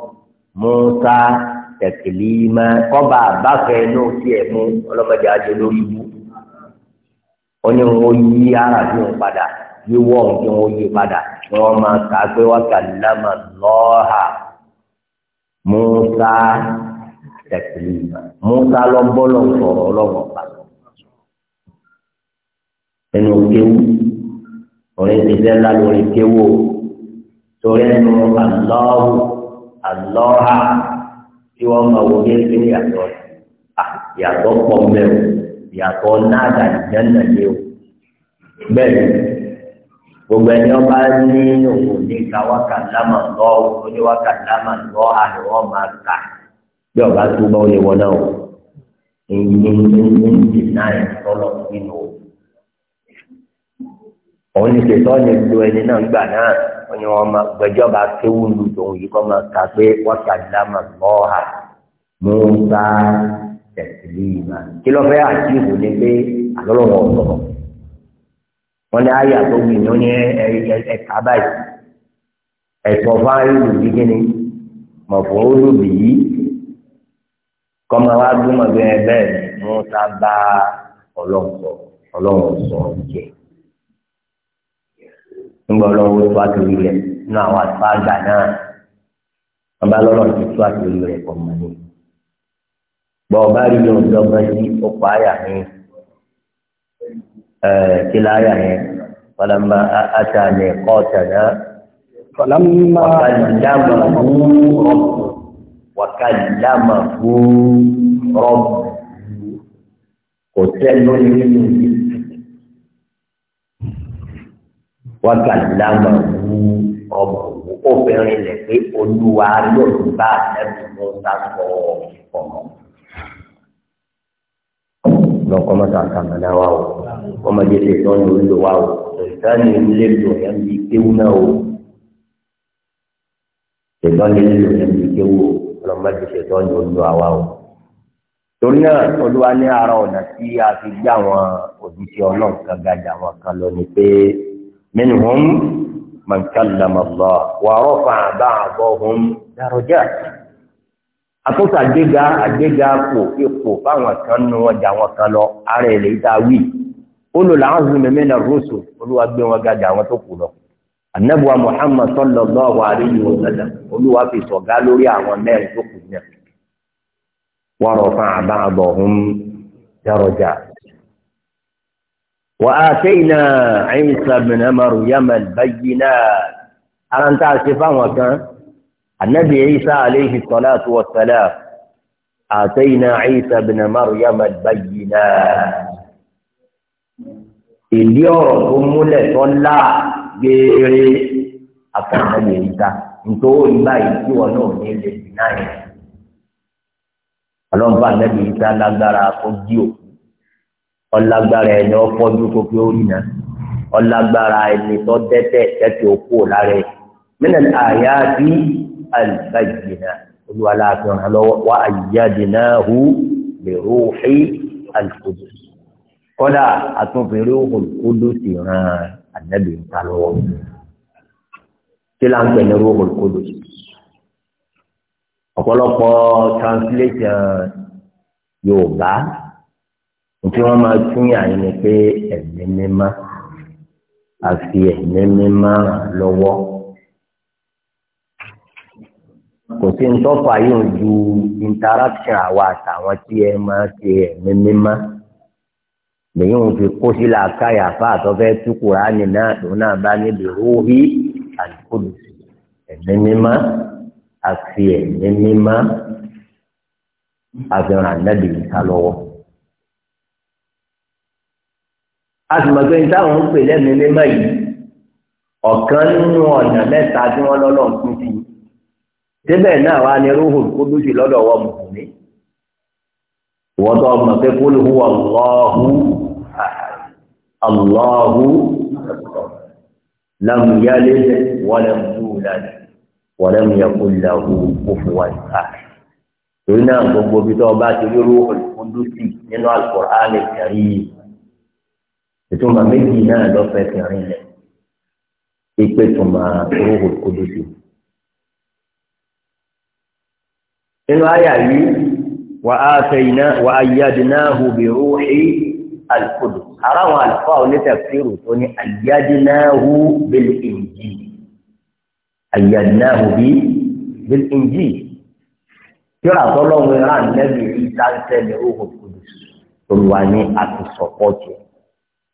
Mùsá tẹ̀kìlì mọ́ kọ́ba àbáfẹ́ náà sí ẹ̀ mú ọlọ́mọdé ajé lórí ibú ó ní wọn yí ara bí wọn padà wíwọ́ ohun tí wọn yí padà ni wọn máa kà á pé wọn kà lámà lọ́ọ̀hà Musa tẹ̀kìlì mọ́ Musa lọ bọ́lọ̀ sọ̀rọ̀ ọlọ́wọ́n pa ẹnu kéwù orin ti ńlá lórí kéwù torí ẹnu aláwù aláwà tí wọ́n máa wọ bí ẹgbẹ́ yàtọ̀ yàtọ̀ pọ̀ mẹ́wọ̀ yàtọ̀ náàdà ìjẹ́nà yẹ o bẹ́ẹ̀ gbogbo ẹni ọba ní òun ní ká wákàtàmà lọ òun ní wákàtàmà lọ àlùwọ́ máa kà bí ọba túbọ̀ ó lè wọ náà o èyí ní ìdènà ìtọ́lọ̀ nínú o òun ní ṣètọ́ ní gbogbo ẹni náà gbà náà wọ́n ní wọ́n máa gbẹjọba kéwù lu tòun yìí kọ́ máa kà pé wọ́n kàdámà lọ́ọ̀hà Musa tẹ̀sílíìmà kí ló fẹ́ àtìwò ni pé àlọ́lọ́wọ́ sọ̀rọ̀ wọ́n ní àyà tó ní oní ẹ̀ka báyìí ẹ̀sọ̀ fáyé lù bí kíni mọ̀fọ́ olùbí yìí kọ́ máa wá gbọ́mọ̀ bẹ́ẹ̀ bẹ́ẹ̀ Musa bá ọlọ́run sọ̀rọ̀ jẹ́ nígbà ọlọ́wọ́ tó àtòrí rẹ̀ nínú àwọn àtúbà àgbà náà wọn bá lọ́rọ̀ ti tó àtòrí rẹ̀ pọ̀ mọ́ ni. gbọ́ ọba rí ní ọjọ́ gan sí ọkọ̀ àyà mi kílá àyà yẹn fọlọ́mọ àtàlẹ̀ kọ́ọ̀tà náà fọlọ́mọ wàkàlámà fún rọ́bù wàkàlámà fún rọ́bù kò sẹ́nu nínú wákàlámà wú ọmọ òwú obìnrin lẹ pé olúwa lóòótọ́ bá àtẹ́bí ló sáfọ ọmọ. lọ́kọ́ mọ́ta kàmánà wa o ọmọdé ṣe tán ní olú wa o ṣètàn ní ilé ìlú ẹ̀ ń bi kéwú náà o ṣètàn ní ilé ìlú ẹ̀ ń bi kéwú o ọmọdé ṣe tán ní olú wa o. torí náà olúwa ní ara ọ̀nà tí a fi gbé àwọn òbí ti ọlọ́run kan gbajà àwọn kan lọ ni pé. منهم من كلم الله ورفع بعضهم درجات àtúntò àgbéga àgbéga kò ipò fáwọn kan nu ọjà wọn kan lọ ara a wí olùlàáhùn mímí rúṣù olúwa gbé wọn ga wọn tó kù lọ muhammad sallallahu alayhi wa sallam olúwa fi sọ̀gá lórí àwọn mẹ́rin tó kù fún àbá وآتينا عيسى بن مريم البينات أنا تعرف وكان النبي عيسى عليه الصلاة والسلام آتينا عيسى بن مريم البينات ìdí ọ̀rọ̀ tó múlẹ̀ tó ńlá gbére àkàndàbí ìta nítorí ìgbà yìí tí wọn náà ní ilé ìdí náà yẹn ọlọ́mọba nẹ́bí ìta lágbára ó jí òkú ọlágbára ẹni ọfọdún tó fi orí náà ọlágbára ẹni tó dẹ́tẹ̀ tẹ́tẹ̀ òkú lára ẹ̀ mínàlì àyà bí àlùbáyìnà olùwàlàfihàn lọ́wọ́ wa àyíyáde hu lè rúhi àlùkòdò kọ́dà àtúnfèrè olùkòdò sì ràn ànábì ń lọ́wọ́ kí ń pè ní rúhi olùkòdò ọ̀pọ̀lọpọ̀ translation Yorùbá nítí wọ́n máa túnyàn ni pé ẹ̀mí mímá àfi ẹ̀mí mímá lọ́wọ́ kò sí ntọ́fà yóò ju interaction àwa àtàwọn tí ẹ máa ṣe ẹ̀mí mímá lèyìn òun fi kó sí làákàyà fún àtọ́fẹ́ tí kùránì náà lòun náà bá níbi rúhí àlùkòlùsì ẹ̀mí mímá àfi ẹ̀mí mímá àfihàn ànábìyí ká lọ́wọ́. a sì mọ̀ pé ní táwọn ń pè lẹ́mìí mímọ́ yìí ọ̀kan nínú ọ̀nà mẹ́ta tí wọ́n lọ́lọ́ ń pín sí i débẹ̀ náà wá ní rúhù kó lóṣù lọ́dọ̀ wọ́n mùsùlùmí wọ́n tó mọ̀ pé kó lóhùn ọ̀lọ́hù ọ̀lọ́hù lámùyálé wọ́lẹ̀mùsùlùmí wọ́lẹ̀mùyàkúlẹ̀hù òfúwàjú káàkiri torí náà gbogbo bí tó bá ti rí rúhù kó lóṣù nínú Al-Qur'an Al-Karim ìtumọ̀ méjì náà lọ́fẹ̀ẹ́ fi rìn lẹ̀ ipe tuma ruhu kudusi inú àyà yìí wà á fẹ̀yìnà wà á yàdínà hùbì ruhi alkudu ara àwọn àlùfáà onítẹ̀fìrù tó ní àyàdínà hù bílí ìjì àyàdínà hùbì bílí ìjì kíra tọ́lọ́run ìran nẹ́bí ìtànsẹ́ ní ruhu kudusi olùwà ní àtúnṣọpọ̀ jù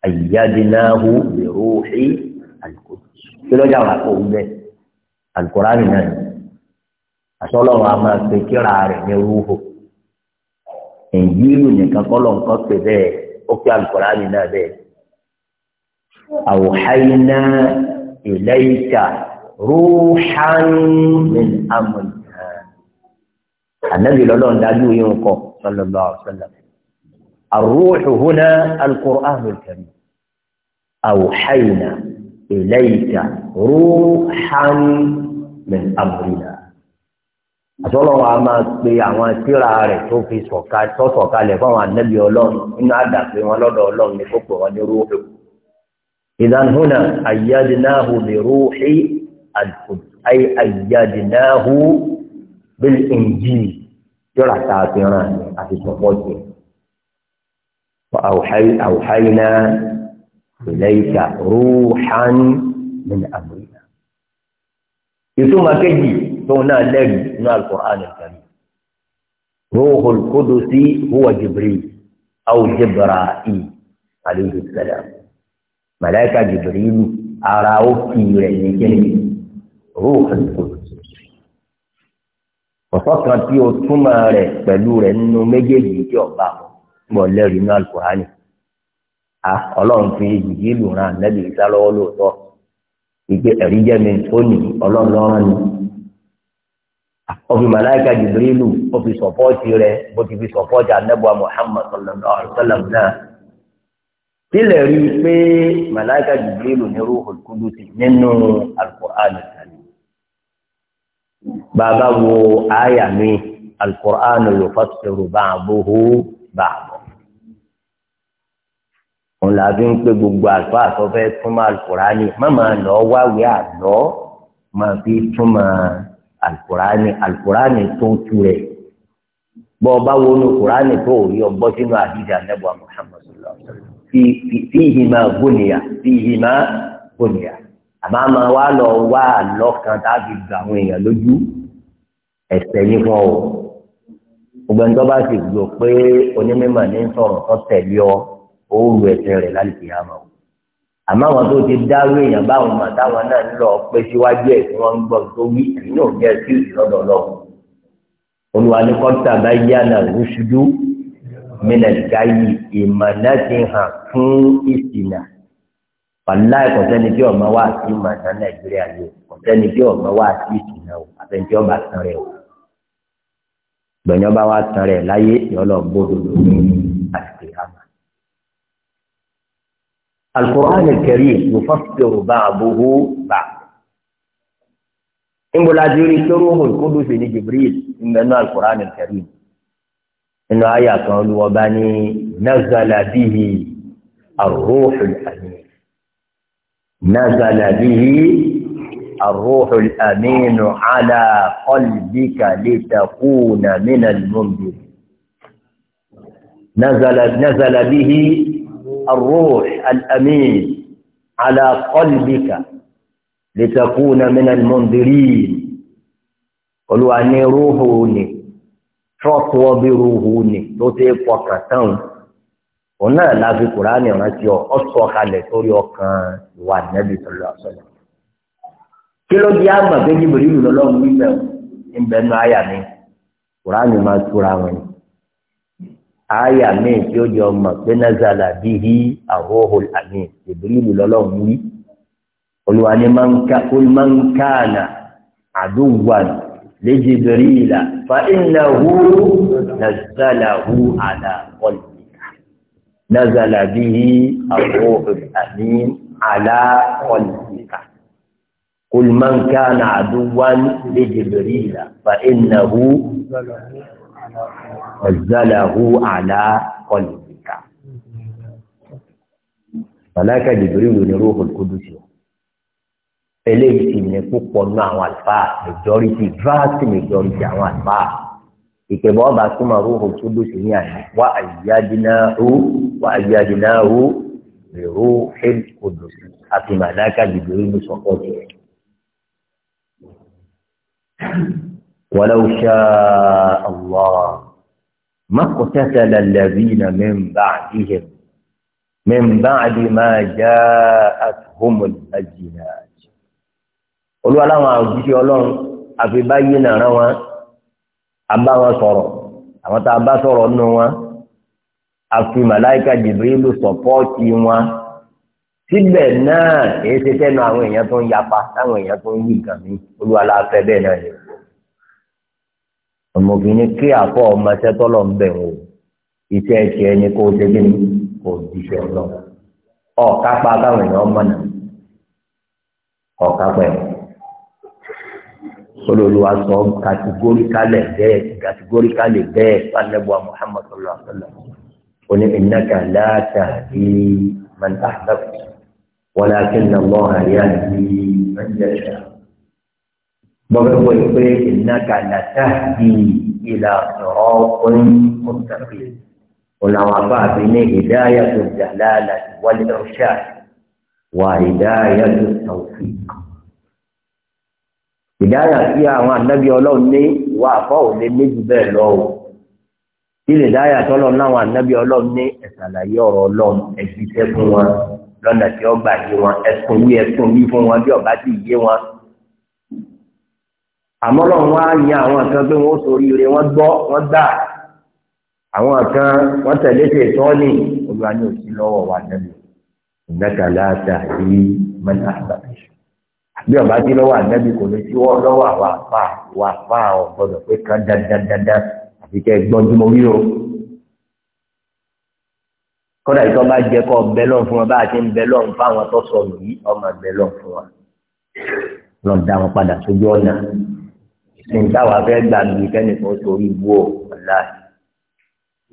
ayyadnahu bi ruhi al-qudus kí ló jà wà kó ń bẹ alukurani náà ni asọlọrun a máa pe kíra rẹ̀ ní rúhù ìjírù nìkan kọlọ nǹkan pè bẹ́ẹ̀ ó pe alukurani náà bẹ́ẹ̀ awhayna ilayka ruhan min amrina lọlọrun dájú yìí ń kọ sallallahu alaihi الروح هنا القرآن الكريم أوحينا إليك روحا من أمرنا أصلوا ما في أما سيرة على توفي سوكا سوكا لفوا النبي الله إن هذا في ما الله نفوق ونروح إذا هنا أيدناه بروح القدس أي أيدناه بالإنجيل ترى تاتيران أتسوقوتي وأوحي أوحينا إليك روحا من أمرنا يسمى كجي تونا لج من القرآن الكريم روح القدس هو جبريل أو جبرائيل عليه السلام ملائكة جبريل أراوكي يعني روح القدس وفقرة في أتمارة بلور إنه مجيجي جوابه bọ̀ lẹ́rìí ní alukurani a ọlọ́run fi yìí lù ràn nẹ́bí ìsá lọ́wọ́ lóòótọ́ ìgbé ẹ̀rí jẹ́ mi tó nì ọlọ́run lọ́rùn ni ọfin malaika jibrilu ọfin sọpọ́ọ̀tì rẹ bó ti fi sọpọ́ọ̀tì anabuwa muhammad sallallahu alaihi wa sallam náà tilẹ̀ rí i pé malaika jibrilu ní ruhul kudusi nínú alukurani kan bàbá wo àyà mi alukurani yóò fasiru ba'duhu ba'd òun là fi ń pé gbogbo àlùfáà àtọ́ fẹ́ túmọ̀ alukurani má máa lọ wáwé àlọ́ máa fi túmọ̀ alukurani alukurani tó tu rẹ̀ bọ́ ọba wo nu kurani tó rí ọ bọ́ sínú àdìsí anábọ̀ Muhammad sallallahu alaihi wasallam fi ìhìmá gbónìyà fi ìhìmá gbónìyà àmọ́ àmọ́ wa lọ wá àlọ́ kan tá a fi gbà àwọn èèyàn lójú ẹ̀sẹ̀ ní fún ọ gbogbo ẹni tó bá sì gbọ́ pé onímọ̀ ní sọ̀rọ̀ tó tẹ̀lé ọ ó rù ẹ̀ṣẹ̀ láti yá ma o àmọ́ àwọn tó ti dárú èèyàn báwọn mà táwọn náà ń lọ pé síwájú ẹ̀ tí wọ́n ń gbọ́ tó wí èyí náà jẹ́ sí ìlọ́dọ̀ lọ olùwà ní kọ́ńtà bá yá náà ló ṣubú mílẹ̀ká yìí ìmọ̀nà ti hàn fún ìsìnà wàlá ìkọ̀sẹ́ni tí ọmọ wa sí ìmọ̀nà nàìjíríà yìí ìkọ̀sẹ́ni tí ọmọ wa sí ìsìnà o àfẹnjẹ́ ọba tán rẹ̀ o gbẹ̀yìn ọba wa tán rẹ̀ láyé yọlọ gbódò lórí àti àmà. القرآن الكريم يفسر بعضه بعض إن لا تريد روح القدس لجبريل من القرآن الكريم إن آية قال وبني نزل به الروح الأمين نزل به الروح الأمين على قلبك لتكون من المنذرين نزل نزل به الروح الأمين على قلبك لتكون من المنذرين قلوا أني روحوني trustworthy روحوني لوتي فقطان ona la fi kurani rántí ọ ọ sọ kalẹ̀ sórí ọkàn ìwà nẹbi sọlọ àṣọlọ kí ló di àmà pé jìbìrì lọlọrun wípé ń bẹnu àyà mi kurani máa túra wọn ni àyà míì tí ó jẹ ọmọ pé nazala bihi ar-ruhul amin Jibrilu lọ́lọ́run wí olùwà ni qul man kana aduwwan li Jibrila fa innahu nazalahu ala qalbika nazala bihi ar-ruhul ala qalbika qul man kana aduwwan li Jibrila fa innahu ọ̀zálàhù àlá ọ̀lùbìkà. Màláìka Jibrilu ní Ruhul Qudusi. Eléyìí ti ní púpọ̀ nínú àwọn àlùfáà majority vast majority àwọn àlùfáà. Ìpèbọ̀ ọba súnmọ́ Ruhul Qudusi ní àná. Wá ayyadnahu wá ayyadnahu bi Ruhil Qudusi. Àfi màláìka Jibrilu sọ́kọ̀ tiẹ̀. ولو شاء الله ما اقتتل الذين من بعدهم من بعد ما جاءتهم البينات olúwa láwọn àwòjíṣẹ́ ọlọ́run àfi báyìí náà rán wọn abá wọn sọ̀rọ̀ àwọn tá a bá sọ̀rọ̀ nù wọn àfi màláìka jìbìrìlù sọ̀pọ́ọ̀tì wọn síbẹ̀ náà èyí ṣe tẹ́nu àwọn èèyàn tó ń yapa táwọn èèyàn tó ń yí nǹkan mi olúwa láfẹ́ bẹ́ẹ̀ náà yẹn ọmọbìnrin kí àkọ́ ọmọ ẹsẹ̀ tọ́lọ̀ ń bẹ̀ wò iṣẹ́ ẹ̀ṣẹ̀ ẹni kó o ṣe kí ni kò jíṣẹ́ lọ ọ̀kápá káwọn èèyàn mọ̀nà ọ̀kápá ẹ̀ olùwà sọ kàtìgóríkálẹ̀ bẹ́ẹ̀ kàtìgóríkálẹ̀ bẹ́ẹ̀ pálẹ́bùà Muhammad sallallahu alaihi wa sallam oní ìnáka láàtà bí mọ̀ntàdàbù wọlé akínlẹ̀ mọ́ àyà bí mọ̀ntàdàbù lọ́wọ́ wọ̀ pé innaka latahdi ila siratin mustaqim ọ̀làwọn afáàfin ní hidayatu dalalati wal irshad wa hidayatu tawfiq. ìdáyà sí àwọn ànábì ọlọ́run ní ìwà àfọ́ òde méjì bẹ́ẹ̀ lọ o kí lè dáyà tọ́lọ̀ láwọn ànábì ọlọ́run ní ẹ̀sàlàyé ọ̀rọ̀ ọlọ́run ẹ̀jíṣẹ́ fún wọn lọ́nà tí ó gbà yé wọn ẹ̀sùn wí ẹ̀sùn wí fún wọn bí ọ̀bá sì yé wọn àmọ́ lọ́run wá yan àwọn kan pé wọ́n sọ oríire wọ́n gbọ́ wọ́n gbà àwọn kan wọ́n tẹ̀lé tẹ̀ tọ́ni olúwa ni. òsì lọ́wọ́ wa nẹ́nu ìnáka láàtà yìí mẹ́ta àgbàdo bí ọba tí lọ́wọ́ ànábì kò lè tí wọ́n lọ́wọ́ àwọn àfa àwọn àfa ọ̀ gbọ́dọ̀ pé kan dandandandan àti kẹ́ gbọ́n tí mo rí o kódà ìtọ́ bá jẹ́ kọ́ bẹ́ lọ́n fún wọn bá a ti ń bẹ́ lọ́n fún àwọn tó sọnù yìí ọmọ bẹ́ lọ́n fún wọn lọ́n dá wọn padà sójú ọ̀nà ní táwa fẹ́ gbà mí kẹ́nìkan sórí ibú ọ̀ ọ̀la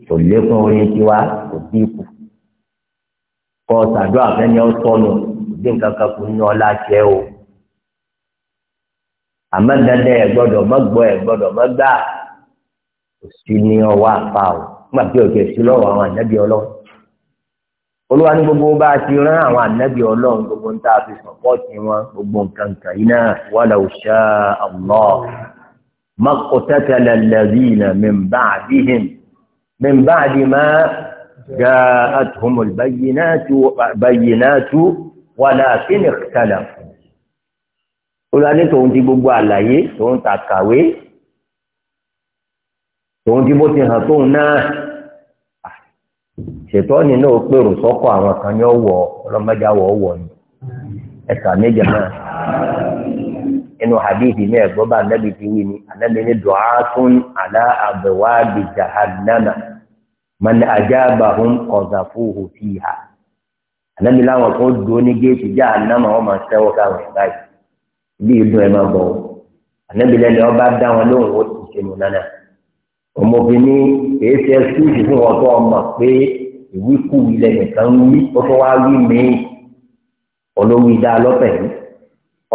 kò lékún orin tiwa kò dínkù kọ́ sàdó àfẹ́ni ọ̀sọ́nù kò dín nǹkan kan kù ní ọlá tiẹ̀ o àmọ́ dandan ẹ̀ gbọ́dọ̀ má gbọ́ ẹ̀ gbọ́dọ̀ má gbà kò sí ní ọwọ́ àpá o nígbà tí o kò sí lọ́wọ́ àwọn ànábì ọlọ́run olúwa ní gbogbo bá a ti rán àwọn ànábì ọlọ́run gbogbo ń tá a fi wọn gbogbo nǹkan kan Allah مقتتل الذين من بعدهم من بعد ما جاءتهم البينات بينات ولكن اختلفوا olùdarí tòun ti gbogbo àlàyé tòun ta kàwé tòun ti bó ti hàn tóun náà ṣètò ní náà pèrò sọ́kọ̀ àwọn kan ní ọ̀wọ́ ọlọ́mọdé àwọ̀ ọ̀wọ́ ni ẹ̀ka méjì náà inú hadithi ní ẹ̀gbọ́n bá anabi ti wí ni anabi ní du'atun ala abwabi jahannama man ajabahum qadhafuhu fiha anabi láwọn kan dúró ní géètì jahannama wọn máa ṣẹ́wọ́ káwọn ẹ̀ báyìí bí ìlú ẹ̀ máa bọ̀ wọ́n anabi lẹ́nu ọba dá wọn lóhùn ó ti ṣe nù nánà ọmọbìnrin èyí ṣe ṣúùsì fún wọn tó ọmọ pé ìwíkúwì lẹ́nìkan wí ó tó wí mí olówó ìdá lọ́tẹ̀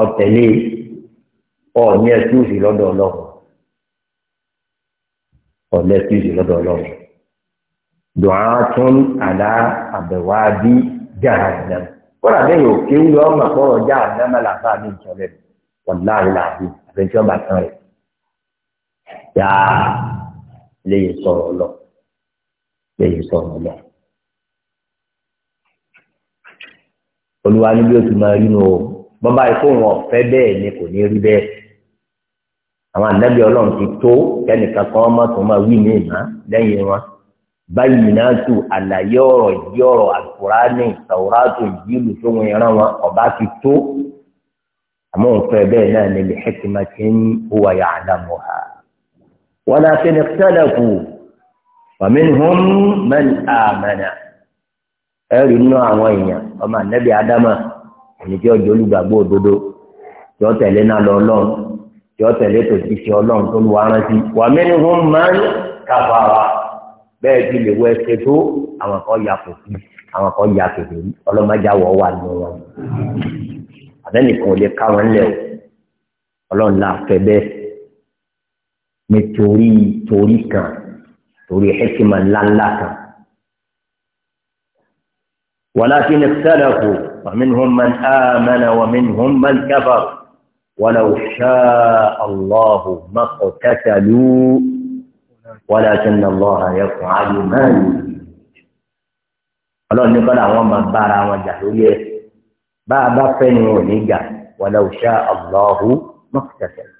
ọ̀tẹ̀lé e ọ̀ní ẹ̀sùsì lọ́dọ̀ ọlọ́run ọ̀ní ẹ̀sùsì lọ́dọ̀ ọlọ́run dùnàtún àlá àbẹ̀wádìí jahannam kọ́lá bẹ́ẹ̀ yóò kí ń lọ ọmọ kọ́rọ̀ jahannam àlàfáà ní ìjọba ẹ̀ wọ̀lá ìlàbí àbẹ̀tí ọba kan rẹ̀ yáa lè sọ̀rọ̀ lọ lè sọ̀rọ̀ lọ. olúwa ní bí o ti máa rí nu o bọ́bá ikú ọ̀fẹ́ bẹ́ẹ̀ ni kò ní rí bẹ́ẹ̀ àwọn ànábì ọlọ́run ti tó kẹ́nìkan kan ọmọ tó máa wí ní ìmá lẹ́yìn wọn báyìí náà tù àlàyé ọ̀rọ̀ yí ọ̀rọ̀ àkùránì tàwùrátù ìjìlù tó wọn ìran wọn ọba ti tó àmọ́ òǹfẹ́ bẹ́ẹ̀ náà ní lè hẹ́kìmá ti ń hùwà yà àdàmọ̀ ha. wọn á fi ní sẹ́lẹ̀kù fàmínhùn mẹ́n àmàna ẹ̀rì nínú àwọn èèyàn ọmọ ànábì ádámà ẹni tí ọjọ́ olùgbàgbọ́ òdodo tí ọ tẹ̀lé náà lọ ọlọ́run tí ó tẹ̀lé tó ti ṣe ọlọ́run tó lu ara sí wà mẹ́rin wọn máa ń kàfàrà bẹ́ẹ̀ ti lè wọ ẹsẹ̀ tó àwọn kan ya kò sí àwọn kan ya kò sí ọlọ́mọdéjáwọ̀ wà nù wọn. àbẹ́nìkan ò lè ká wọn lẹ̀ o ọlọ́run là fẹ́ bẹ́ẹ̀ nítorí torí kan torí hẹ́kìmà ńláńlá kan. wàlá sí ni sẹ́lẹ̀ kù wà mí wọn máa ń ámánà wà mí wọn máa ń kàfàrà. ولو شاء الله ما اقتتلوا ولكن الله يفعل ما يريد ọlọ́run ní kọ́lá àwọn máa bára wọn jà lórí ẹ̀ bá a bá fẹ́ ni wọn ò ní jà ولو شاء الله ما اقتتلوا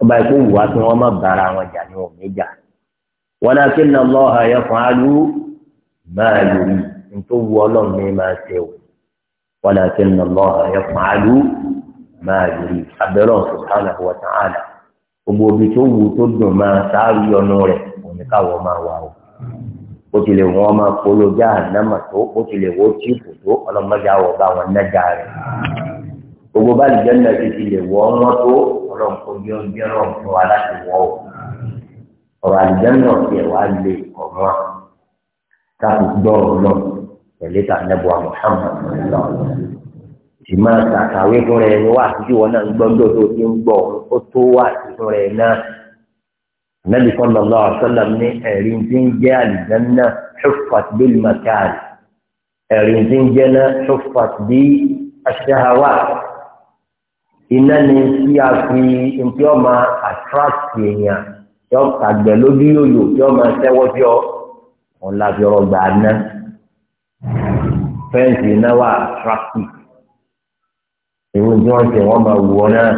ọba ìkó wù wá kí wọ́n má bára wọn jà ni wọn ò ní jà ولكن الله يفعل ما يريد nítorí wù ọlọ́run ní máa ṣe o ولكن الله يفعل máa yìí abẹ́rẹ́ ọ̀sùn kánà wọ́n tán àlà gbogbo omi tó wù tó dùn máa sáárì ọ̀nà rẹ̀ òní káwọ́ máa wà o ó ti lè wọ́n máa polójá ànámà tó ó ti lè wọ́n tíìpù tó ọlọ́mọdé àwọ̀ bá wọn nájà rẹ̀ gbogbo bá lè jẹ́nu ti lè wọ́n wọ́n tó ọlọ́mọdé ọ̀gbẹ́ ọ̀rọ̀ fún wa láti wọ́ o ọ̀rọ̀ àlùjẹ́nu ọ̀sẹ̀ wa lè ọ̀rọ̀ káàkiri gbọ́ ọ̀rọ̀ náà pẹ̀lú ìtàn nẹ́bùà Muhammad ìmọ̀ ṣàkàwé fún rẹ̀ ni wà síbi wọn náà ń gbọ́dọ̀ tó ti ń gbọ́ ó tó wà fún rẹ̀ náà nàbì sallallahu alaihi wasallam ní ẹ̀rí tí ń jẹ́ àlìjánná ṣùfàt bí màkàl ẹ̀rí tí ń jẹ́ náà ṣùfàt bí aṣáháwà iná ni tí a fi nǹkí ọmọ attract èèyàn yọ àgbẹ̀ lójú yòyò tí ọmọ ṣẹ́wọ́ bí ọ òun fi ọ̀rọ̀ gbà ná fẹ́ǹsì náà wà attractive irú tí wọ́n ṣe wọ́n máa wù ọ́ náà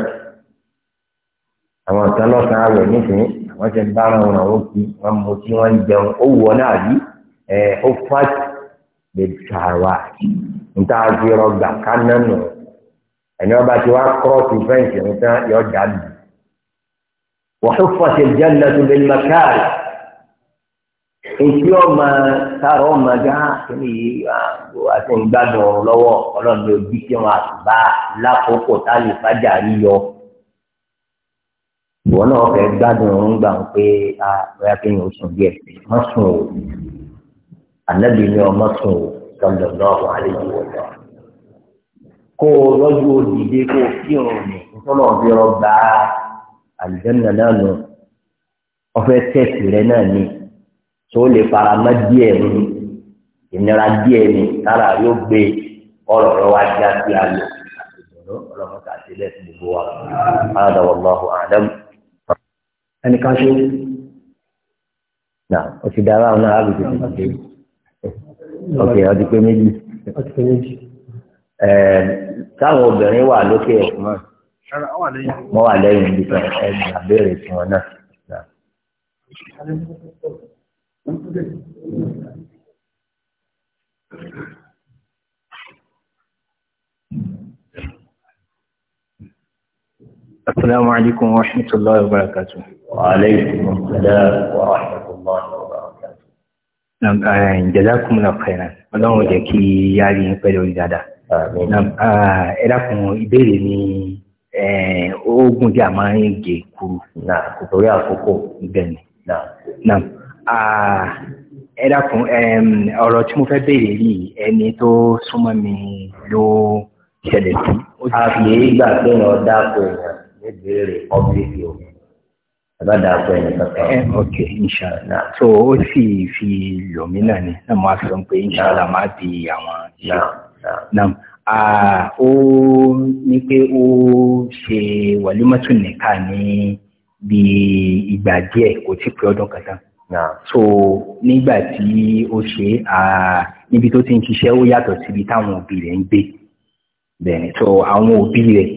àwọn kan lọ́sàn-án àwẹ̀ nísìnyí àwọn ṣe bára wọn àwọn kí wọ́n mú kí wọ́n jẹun ó wù ọ́ náà bí ẹ̀ ó fàt lè tà wá níta fi rọgbà káná nù ẹni ọba tí wàá kọ́ọ̀tù fẹ́ǹsì níta yọ jà lù wọ́n tó fọ́ọ̀tì jẹ́nà tó lè má káàrì èyí ọmọ sáárọ̀ ọmọ gá kí ni àti ìgbádùn lọ́wọ́ ọlọ́run ló bí kí wọ́n àtúbà lákòókò tá a lè fájà rí yọ ìwọ náà fẹ́ gbádùn òun gbà ń pé a ah, bóyá kí ni o sùn díẹ̀ má sùn o ànábì ni ọ má sùn o sọlọ náà wà á lè yí wọ lọ kó o rọjò dìde kó o kí òun ní nítorí wọn fi àlùjẹ́nà náà nù ọfẹ tẹ̀sì rẹ náà ni tó lè fara mọ́ díẹ̀ ni ìnira díẹ̀ ni tára yóò gbé ọ̀rọ̀ rẹ wá já sí àlọ́. ọlọ́mọ tá a ṣe gbogbo wa hada wallahu ẹnìkan ṣe na o ti dára ọ̀nà àgùntàn ti pé méjì. táwọn obìnrin wà lókè wà lẹ́yìn ẹgbẹ́ náà. Thank you. السلام عليكم ورحمة الله وبركاته وعليكم السلام ورحمة الله وبركاته نعم جزاكم الله خيرا ọlọ́run jẹ́ kí yáàrí yín pẹ́ lórí dáadáa ah, ẹ dákun ìbéèrè mi oògùn tí a máa ń gé kúrú kò torí àkókò bẹ́ẹ̀ ni ah, ẹ dákun ọ̀rọ̀ tí mo fẹ́ béèrè yìí ẹni tó súnmọ́ mi ló ṣẹlẹ̀ sí. a kì í pé ọ̀dà kò yàn ìbéèrè ọ́bíìsì o bàbá dàpọ̀ ẹni kankan. ok inshallah so o sì fi lòmí náà ni náà máa sọ pé inshallah máa di àwọn ìyá náà ó ní pé ó ṣe wàlúmọ́tò nìka ní bí ìgbà díẹ̀ kò tí pé ọdún kan tán. so nígbà tí ó ṣe níbi tó ti ń ṣiṣẹ́ ó yàtọ̀ síbi táwọn òbí rẹ̀ ń gbé bẹ́ẹ̀ so àwọn òbí rẹ̀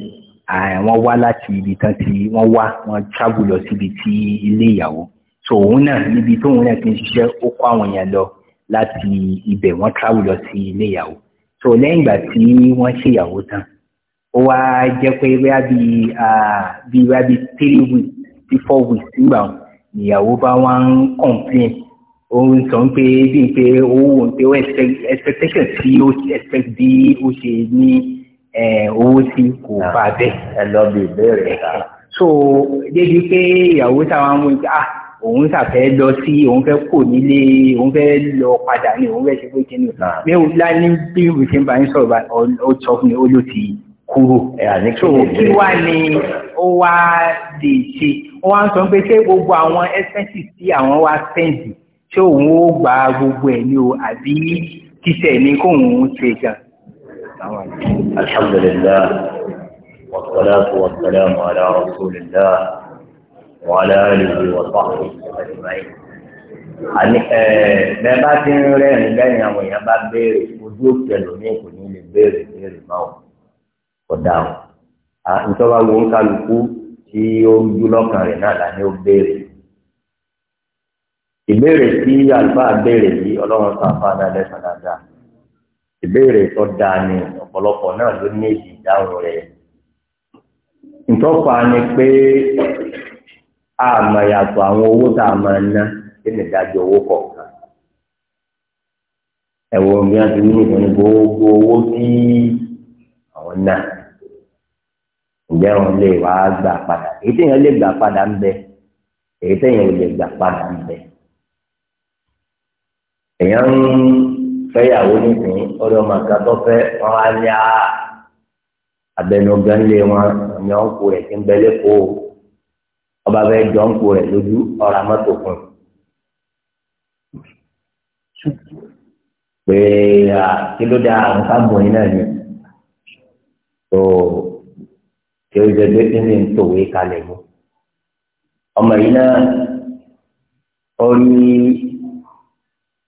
wọ́n wá láti ibi tán tí wọ́n wá wọ́n travel lọ síbi tí ilé ìyàwó so òun náà níbi tóun náà ti ń ṣiṣẹ́ ó kó àwọn èèyàn lọ láti ibẹ̀ wọ́n travel lọ sí ilé ìyàwó so lẹ́yìn ìgbà tí wọ́n ṣèyàwó tán ó wá jẹ́ pé bíi bíi bíi three weeks sí four weeks nígbà wọn ìyàwó bá wá ń complain ó ń sọ pé bíi pé owó pé ó expectation tí ó expect bí ó ṣe ní owó sí kò ah. bá bẹ́ẹ̀. ẹ lọ bí ìbéèrè ta. so débi pé ìyàwó táwọn mú ìjà ah, òun ṣàfẹ́ lọ sí òun fẹ́ kò nílé òun fẹ́ lọ padà ní òun fẹ́ ṣe pé kíni. Ah. mi ò láni bí mo ṣe ń bá yín sọ̀rọ̀ ó sọ fún mi ó ló ti kúrò. so kí wá ni ó wá lè ṣe wọ́n á sọ pé ṣé gbogbo àwọn expenses tí àwọn wá sẹ́ǹdì ṣé òun ó gba gbogbo ẹ̀ ní o àbí tíṣẹ̀ ni kóun ṣe gan الحمد لله والصلاة والسلام على رسول الله وعلى آله وصحبه أجمعين àní bẹ́ẹ̀ bá ti ń rẹ́rìn lẹ́yìn àwọn èèyàn bá béèrè ojú òkè lónìí kò ní lè béèrè béèrè máa wọn kò dáhùn àtúntọ́wá wo ń kálukú tí ó ń dú lọ́kàn rẹ̀ náà láti ó béèrè ìbéèrè tí àlùfáà béèrè yìí ọlọ́run sáfà náà lẹ́sàn-án dáadáa ìbéèrè tó dáa ni ọ̀pọ̀lọpọ̀ náà ló ní èdè ìdáhùn rẹ̀ ntọ́fà ni pé a máa ná kí ni ìdájọ́ owó kọ̀ọ̀kan ẹ̀wọ̀ mi á ti ní ìwọ̀n gbogbo owó tí àwọn náà ǹjẹ́ wọn lè wá gbà padà èyí téèyàn lè gbà padà ń bẹ èyí lè gbà padà ń fẹ́yàwó nísìnyí ọ̀rẹ́ ọmọ kan tó fẹ́ wọn á ní abẹnuganlé wọn ní ọ̀nkù rẹ̀ tí ń bẹ lẹ́kọ̀ọ́ ọba fẹ́ jọ ọ̀nkù rẹ̀ lójú ọ̀rọ̀ amọ́tò fún pé kí ló dá àwọn káàbọ̀ yín náà ni tó kí ó jẹ pé kí ni ń tòwé kalẹ̀ mọ́ ọmọ yìí náà ó ní.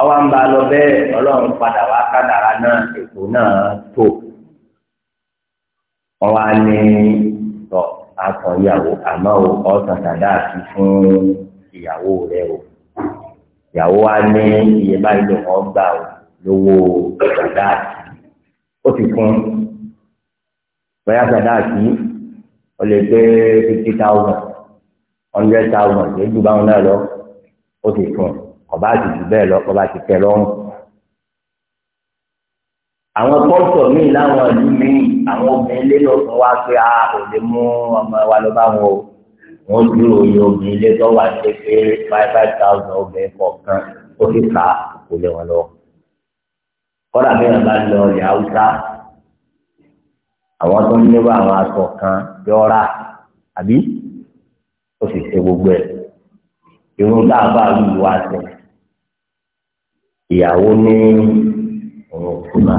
àwa ń ba lọ bẹ́ẹ̀ ọlọ́run padà wá kádàrá náà ètò náà tó wọ́n wá ní tọ́ akọ̀yàwó àmọ́ o ọ̀sán sàdá àti fún ìyàwó rẹ o ìyàwó wa ní iye báyìí ló wọ́n gbà o lówó sàdá àti ó ti fún bóyá sàdá àti ó lè gbé fifty thousand hundred thousand ṣe é ju báwọn náà lọ ó sì fún un ọba àti jù bẹ́ẹ̀ lọ ọba ti tẹ lọ́rùn. àwọn pọ́ńtọ̀ míì láwọn ìlú míì àwọn obìnrin lé lọ fún wa pé a ò lè mú ọmọ wa lọ bá wọn o wọn dúró iye obìnrin lé tó wà ní pé five five thousand obìnrin kọ̀ọ̀kan ó sì kà á kò lè wọn lọ. kọ́dà bí wọn bá lọ ilẹ̀ haúsá àwọn tó ń lérò àwọn aṣọ kan yọ̀ọ́ra àbí ó sì ṣe gbogbo ẹ̀ irun tá a bá lù wá sẹ ìyàwó ní òun òkúta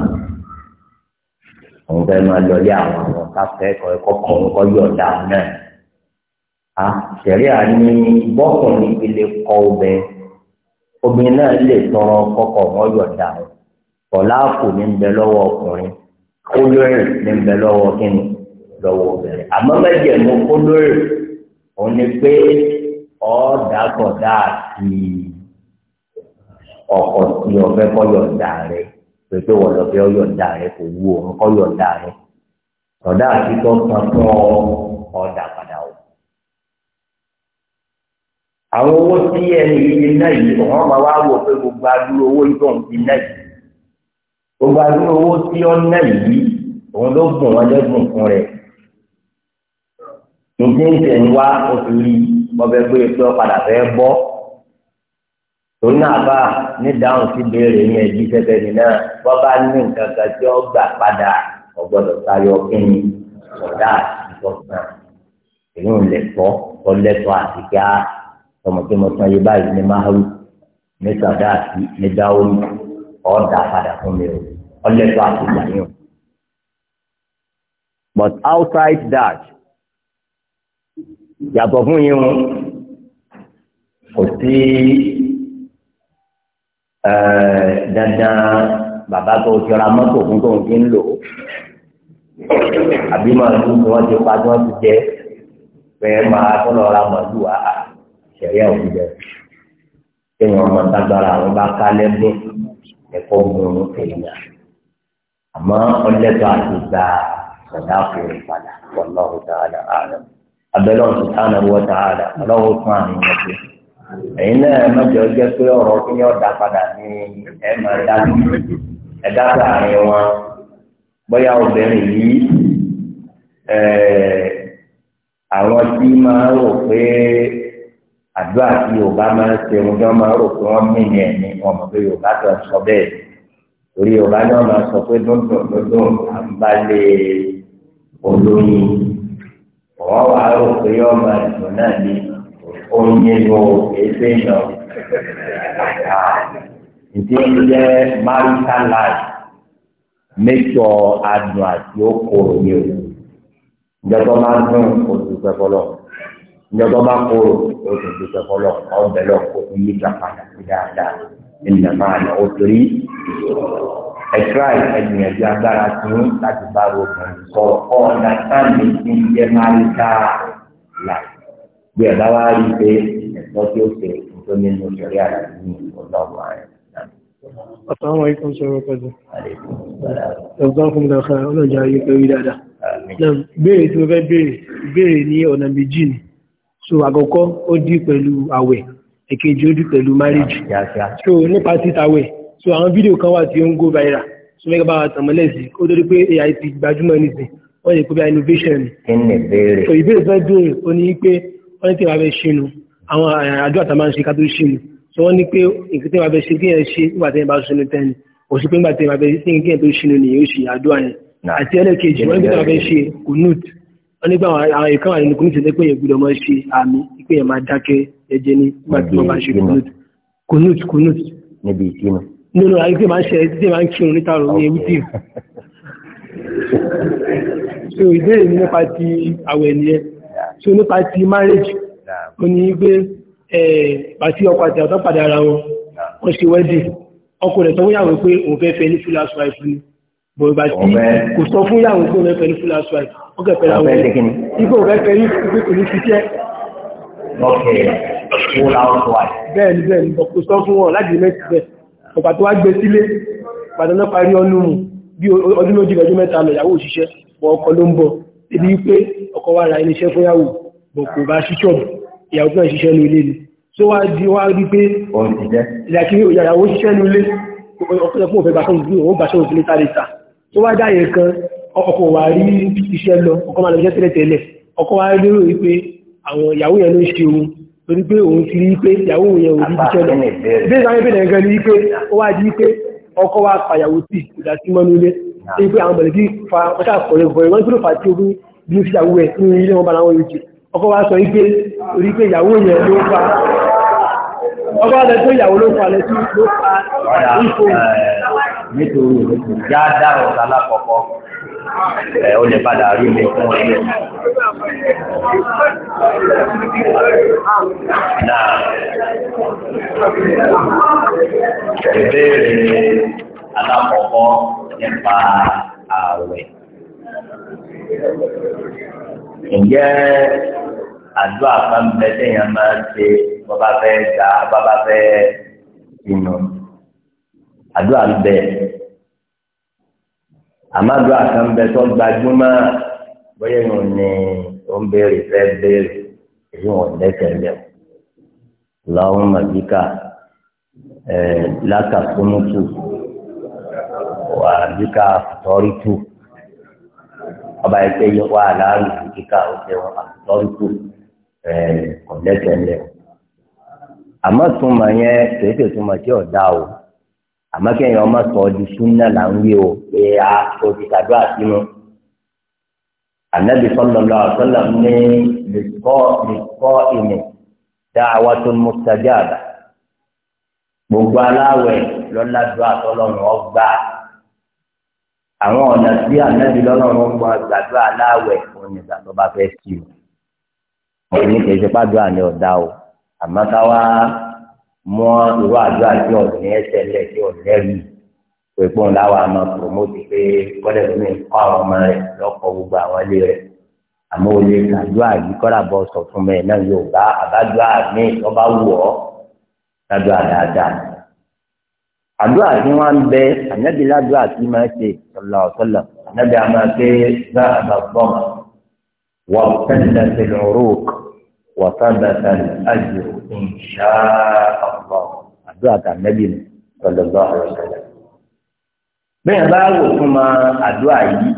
òun fẹ́ máa lọlé àwọn àwọn káfẹ́ ẹ̀kọ́ ẹ̀kọ́ kan kọ́ yọ̀ọ̀dà náà a ṣẹ̀rí àní bọ́kùnrin ilé kọ́ obìnrin obìnrin náà lè tọrọ kọ́kọ́ wọn yọ̀ọ̀dà wọn kọ̀láàkù ní ń bẹ lọ́wọ́ ọkùnrin kólórì ní bẹ lọ́wọ́ kínní lọ́wọ́ obìnrin àmọ́ mẹ́jẹ̀ mú kólórì. òun ni pé ọ bọ̀dá àti ọkọ̀ tí ọ̀fẹ́ kọ́ rẹ̀ pépé wọ́n lọ fẹ́ rẹ̀ kò wú òun kọ́ rẹ̀ ọ̀dà àti tó kan fún ọ ọ̀dà padà o. àwọn owó tí ẹni yìí yìí wò pé gbogbo adúlọ owó ìtọ̀ ń fi yìí gbogbo adúlọ owó tí ọ yìí òun ló wọn ìdí ìtẹ̀ ń wá oṣù rí bọ́bẹ̀ pé ọ padà fẹ́ bọ́ torí ní dáhùn sí béèrè ní ẹbí tẹ́tẹ́ni náà wọ́n bá ní nǹkan kan tí ó gbà padà ọgbọ́dọ̀ tayọ kínní ọ̀dà ìtọ́sán èyí ń lè àti kí á yé báyìí ní máhàrú ní sàdáàtì ní dáhùn ọ̀dà padà fún mi o àti ìgbà But outside that yàtọ̀ fún yín wọn kò sí dandan bàbá tó jọra mọ́tò fún tóun fi ń lò àbí màálù tí wọ́n ti pa tí wọ́n ti jẹ bẹ́ẹ̀ máa tọ́lọ̀ ra màálù wá ṣẹ̀yẹ́ òun jẹ kéwọn ọmọ tágbára àwọn bá ká lẹ́gbẹ́ ẹ̀kọ́ gbọ́n èèyàn àmọ́ ọlẹ́tọ̀ àti gba sọ̀dá fún ìpadà wọlọ́ọ̀dà àlọ́ àlọ́ abẹ́lẹ́ subhanahu wa ta'ala ọlọ́wọ́ fún àrùn yẹn pé ẹ̀yin náà mẹ́jọ jẹ́ pé ọ̀rọ̀ kí ni ọ̀dà padà ní ẹ̀mọ̀ ẹ̀dá láàrin wọn bóyá obìnrin yìí àwọn tí máa rò pé àdúrà tí yorùbá máa ń ṣe wọn máa rò pé wọn mí ní ẹni wọn mọ̀ pé yorùbá tó ń sọ bẹ́ẹ̀ torí yorùbá náà máa sọ pé dúndùn dúndùn à olóyún wọ́n wá rò pé ọmọ ìgbọ̀n náà ni oyin ló ẹgbẹ́ yàn. Ìdí ń jẹ́ marital life mẹ́tọ́ adùn àti okòrò ni o. Ìjọba máa ń dùn oṣù pẹ́fọ́lọ́. Ìjọba máa kóró oṣù pẹ́fọ́lọ́. Ọ̀bẹ̀ lọ kó yí gbà dáadáa. Ìlànà àná ó torí ìṣòro ẹ̀tíráì ẹ̀gbìyànjú agbára tí ń láti bá obìnrin sọ̀rọ̀ ọ̀nà sáàmì tí ń jẹ́ máa ń dá là bí ẹ̀ bá wá rí pé ẹ̀tọ́ tí ó ṣe tó nínú ìṣẹ̀rí àlàyé ní ọlọ́run ààrẹ. Assalamu alaikum sọ̀rọ̀ pẹ̀lú. Ẹ̀gbọ́n fún mi lọ́kàn ọlọ́jà ayé pé rí dáadáa. Béèrè tí mo fẹ́ béèrè, béèrè ní ọ̀nà méjì ni. So àkọ́kọ́ ó dí pẹ̀lú àwẹ̀, èkejì ó dí pẹ̀lú márìjì. So nípa títàwẹ̀, so àwọn fídíò kan wà tí ó ń go viral so mẹ́gbà bá ó torí pé AI ti gbajúmọ̀ nísìn wọ́n lè kó bí innovation so ìbéèrè tó ń béèrè ó ní pé wọ́n ní tí wàá fẹ́ ṣe àwọn eh, àdúrà tá ṣe ká tó ṣe so wọ́n ní pé nǹkan tí wàá fẹ́ ṣe kí yẹn ṣe nígbà tí yẹn bá ṣe nu tẹ́ni kò sí pé nígbà tí wàá kunut wọ́n nígbà àwọn ìkan wà nínú kunut ẹ̀dẹ́ pé yẹn gbọ́dọ̀ máa ṣe àmì kunut kunut kunut níbi ìsinmi nínú àyè tí máa ń ṣe tí máa ń kírun níta rò ní ewu tíì so ìbéèrè mi nípa ti àwẹ̀ nìyẹn so nípa ti marriage ó ní pé pàtí ọkọ àti ọ̀tọ́ padà ara wọn wọ́n ṣe wedding ọkọ rẹ̀ sọ fún yàwó pé òun fẹ́ fẹ́ ní full house wife ni bọ̀ ìgbà tí kò sọ fún yàwó pé òun fẹ́ ní full house wife ó kẹ̀ fẹ́ ra wọn fẹ́ ní pé kò ní ṣiṣẹ́. ok full house wife. bẹ́ẹ̀ni bẹ́ẹ̀ni kò sọ fún wọn láti mẹ́tì bẹ́ẹ̀ ọ̀pá tó wá gbé sílé pàtàkì parí ọlúmù bí ọdún méjì lọ́jọ́ mẹ́ta lọ ìyàwó òṣìṣẹ́ bọ̀ ọkọ ló ń bọ̀ ebi pé ọkọ wà ra iléeṣẹ́ fún yàwó bọ̀ kò bá sí ṣọ́ọ̀bù ìyàwó náà ṣiṣẹ́ ní ilé ni tó wá di wá rí pé ìyàwó ṣiṣẹ́ ní ilé ọkọ̀ fẹ́ bàṣọ́ òfin òun bàṣọ́ òfin níta lè ta tó torí pé òun ti rí pé ìyàwó yẹn ò rí bíṣẹ́ lọ bí ìsáré bèèrè nǹkan ní pé ó wá di pé ọkọ wa fàyàwó tì ìdásí mọ́nú ilé tí pé àwọn mọ̀lẹ́bí fa ọ̀ṣà kọ̀rẹ́ bọ̀rẹ̀ wọ́n tó fà tí ogún bí ó fi ìyàwó ẹ̀ nínú ilé wọn bá láwọn yóò jì ọkọ wa sọ pé orí pé ìyàwó yẹn ló fa ọba ọdẹ tó ìyàwó ló falẹ̀ tí ló fa ìfò. nítorí òkú já dá ọ̀sán alákọ̀ọ́kọ́ ẹ ó lè padà rí mi fún ọ yẹn. náà ìbéèrè alákọ̀ọ́kọ́ nípa ààwẹ̀. ǹjẹ́ àdúrà kan bẹ téèyàn máa ń ṣe bàbá fẹ́ gbà bàbá fẹ́ ìnà àdúrà bẹ àmọ́ àdúrà kan bẹ tó gbajúmọ̀ bóyá ìwọ̀n ni ó ń béèrè fẹ́ béèrè èyí wọn lẹ́sẹ̀ lẹ́wọ̀ lọ́wọ́ màdíkà látàkúnútù wà bíkà àtọ́rítù ọba ẹgbẹ́ yẹn wà láàrú kíkà ó jẹun àtọ́rítù ọ̀lẹ́tẹ̀ ńlẹ̀ àmọ́ túmọ̀ yẹn kìí ṣe túmọ̀ tí ò dá o àmọ́ kẹ́yìn ọmọ sọ ọ́ di súnà là ń wí o pé a o ti tàdó àtinú ànábì sallallahu alaihi wasallam ní lèkọ́ lèkọ́ ìmì da'watul mustajaba gbogbo aláwẹ̀ lọ́la do àtọ́lọ́run ọgbà àwọn ọ̀nà tí ànábì lọ́lọ́run ọgbà gbàdúrà aláwẹ̀ òun ìgbà tó bá fẹ́ sí o ẹni kì í ṣe pàdó àní ọ̀dà o àmọ́ ká wá mọ irú àdúrà tí ọ̀dùn yẹn ṣẹlẹ̀ tí ọ̀dùn yẹn rí pèpò ńlá wa máa promote pé kọ́lẹ̀ lómi kọ́ àwọn ọmọ rẹ̀ lọ́kọ̀ gbogbo àwọn ilé rẹ̀ àmọ́ o lè kàdúrà yìí kọ́lá bọ́ sọ fún mi náà yóò bá àbádúrà mi tó bá wù ọ́ kàdúrà dáadáa. àdúrà tí wọ́n ń bẹ ànábìládùá tí máa ṣe sọ̀lọ̀ sọ̀lọ̀ ànábìá máa ṣe gbá àbàbọ̀ وابتلت العروق وثبت الأجر إن شاء الله أدعى النبي صلى الله عليه وسلم bẹ́ẹ̀ bá wò fún ma àdúrà yìí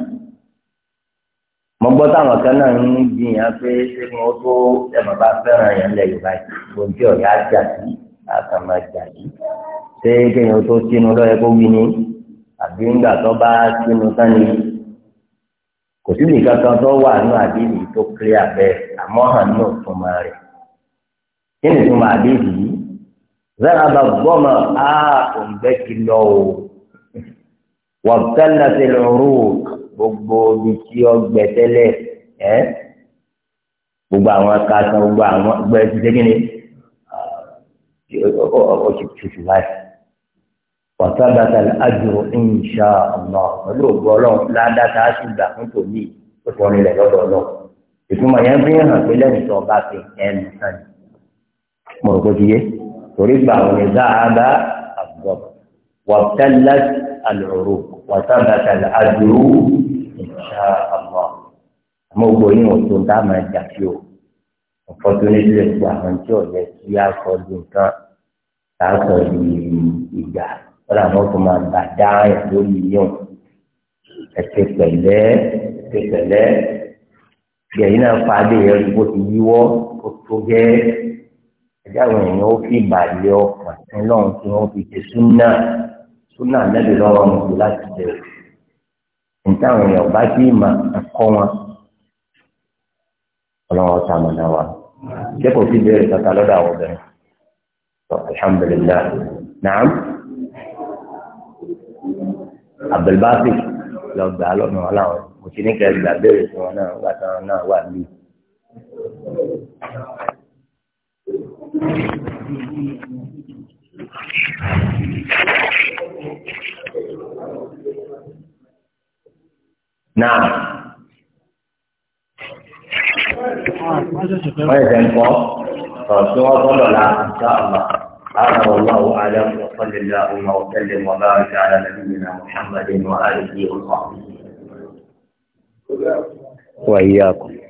mo gbọ́ táwọn kan náà ń gbìyàn pé ṣé mo tó ẹ̀mọ̀ bá fẹ́ràn yẹn lẹ̀ yorùbá yìí ojú ọ̀yà jà sí àkàmà jà yìí ṣé kéèyàn tó sínú lọ́yẹ kó wí ni àbí ńgbà tó bá sínú sani yìí kò sí nìkan kan tó wà nínú àdéhìí tó kéré abẹ́ àmọ́ hàn ní òtúnmọ̀ rẹ̀ kí ni ìtumọ̀ àdéhìí yìí zaraba gbọ́mọ̀ á òǹgbẹ́ ti lọ o wàbùtálà ti lọ́rù gbogbo ibi tí ó gbẹ tẹ́lẹ̀ ẹ́ gbogbo àwọn akásán gbogbo àwọn gbẹ ti ṣe kí ni ó ti tutù báyìí wàtábàtà àjò insha Allah pẹ̀lú ògbọ́ ọlọ́run ládàtà á sì gbà fún tòní òtòrin rẹ̀ lọ́dọ̀ ọlọ́run ìtumọ̀ yẹn fi hàn pé lẹ́yìn tó ọba fi ẹnu sàn ní. ti yé torí gbà wọn ni záàbà àbúrò wàtálà àlùrù wàtábàtà àjò insha Allah àmọ́ ògbó yìí wọ́n tó o unfortunately ẹ̀sìn àwọn tí ọ̀yẹ́ tí a sọ di nǹkan tá a ìgbà wọ́n àwọn tó máa gbà dá ẹ̀ lórí yíyan ẹ̀tẹ̀ pẹ̀lẹ́ ẹ̀tẹ̀ pẹ̀lẹ́ bí ẹ̀yin náà fa adé yẹn bó ti yíwọ́ tó tó gẹ́ ẹ̀dá àwọn èèyàn ó fi ìbàlẹ̀ ọkàn sí lọ́run tí wọ́n fi ṣe súnà súnà lẹ́bi lọ́wọ́ wọn kò láti bẹ̀rẹ̀ níta àwọn èèyàn bá sí ìmọ̀ ẹ̀kọ́ wọn ọlọ́run ọ̀tá àmọ́ná wa jẹ́ kò sí ìbéèrè kankan lọ́dọ̀ àwọn obìnrin Abdulbasi lọ gbà á lọ́nà wọn láwọn mo ti ní kẹ́ gbà béèrè fún wọn náà wà táwọn náà wà níbí. Náà. Wọ́n ṣẹ̀ṣẹ̀ ń kọ́ ọ̀rọ̀ tí wọ́n gbọ́dọ̀ la ìṣá ọ̀la. هذا والله اعلم وصل اللهم وسلم وبارك على نبينا محمد واله وصحبه واياكم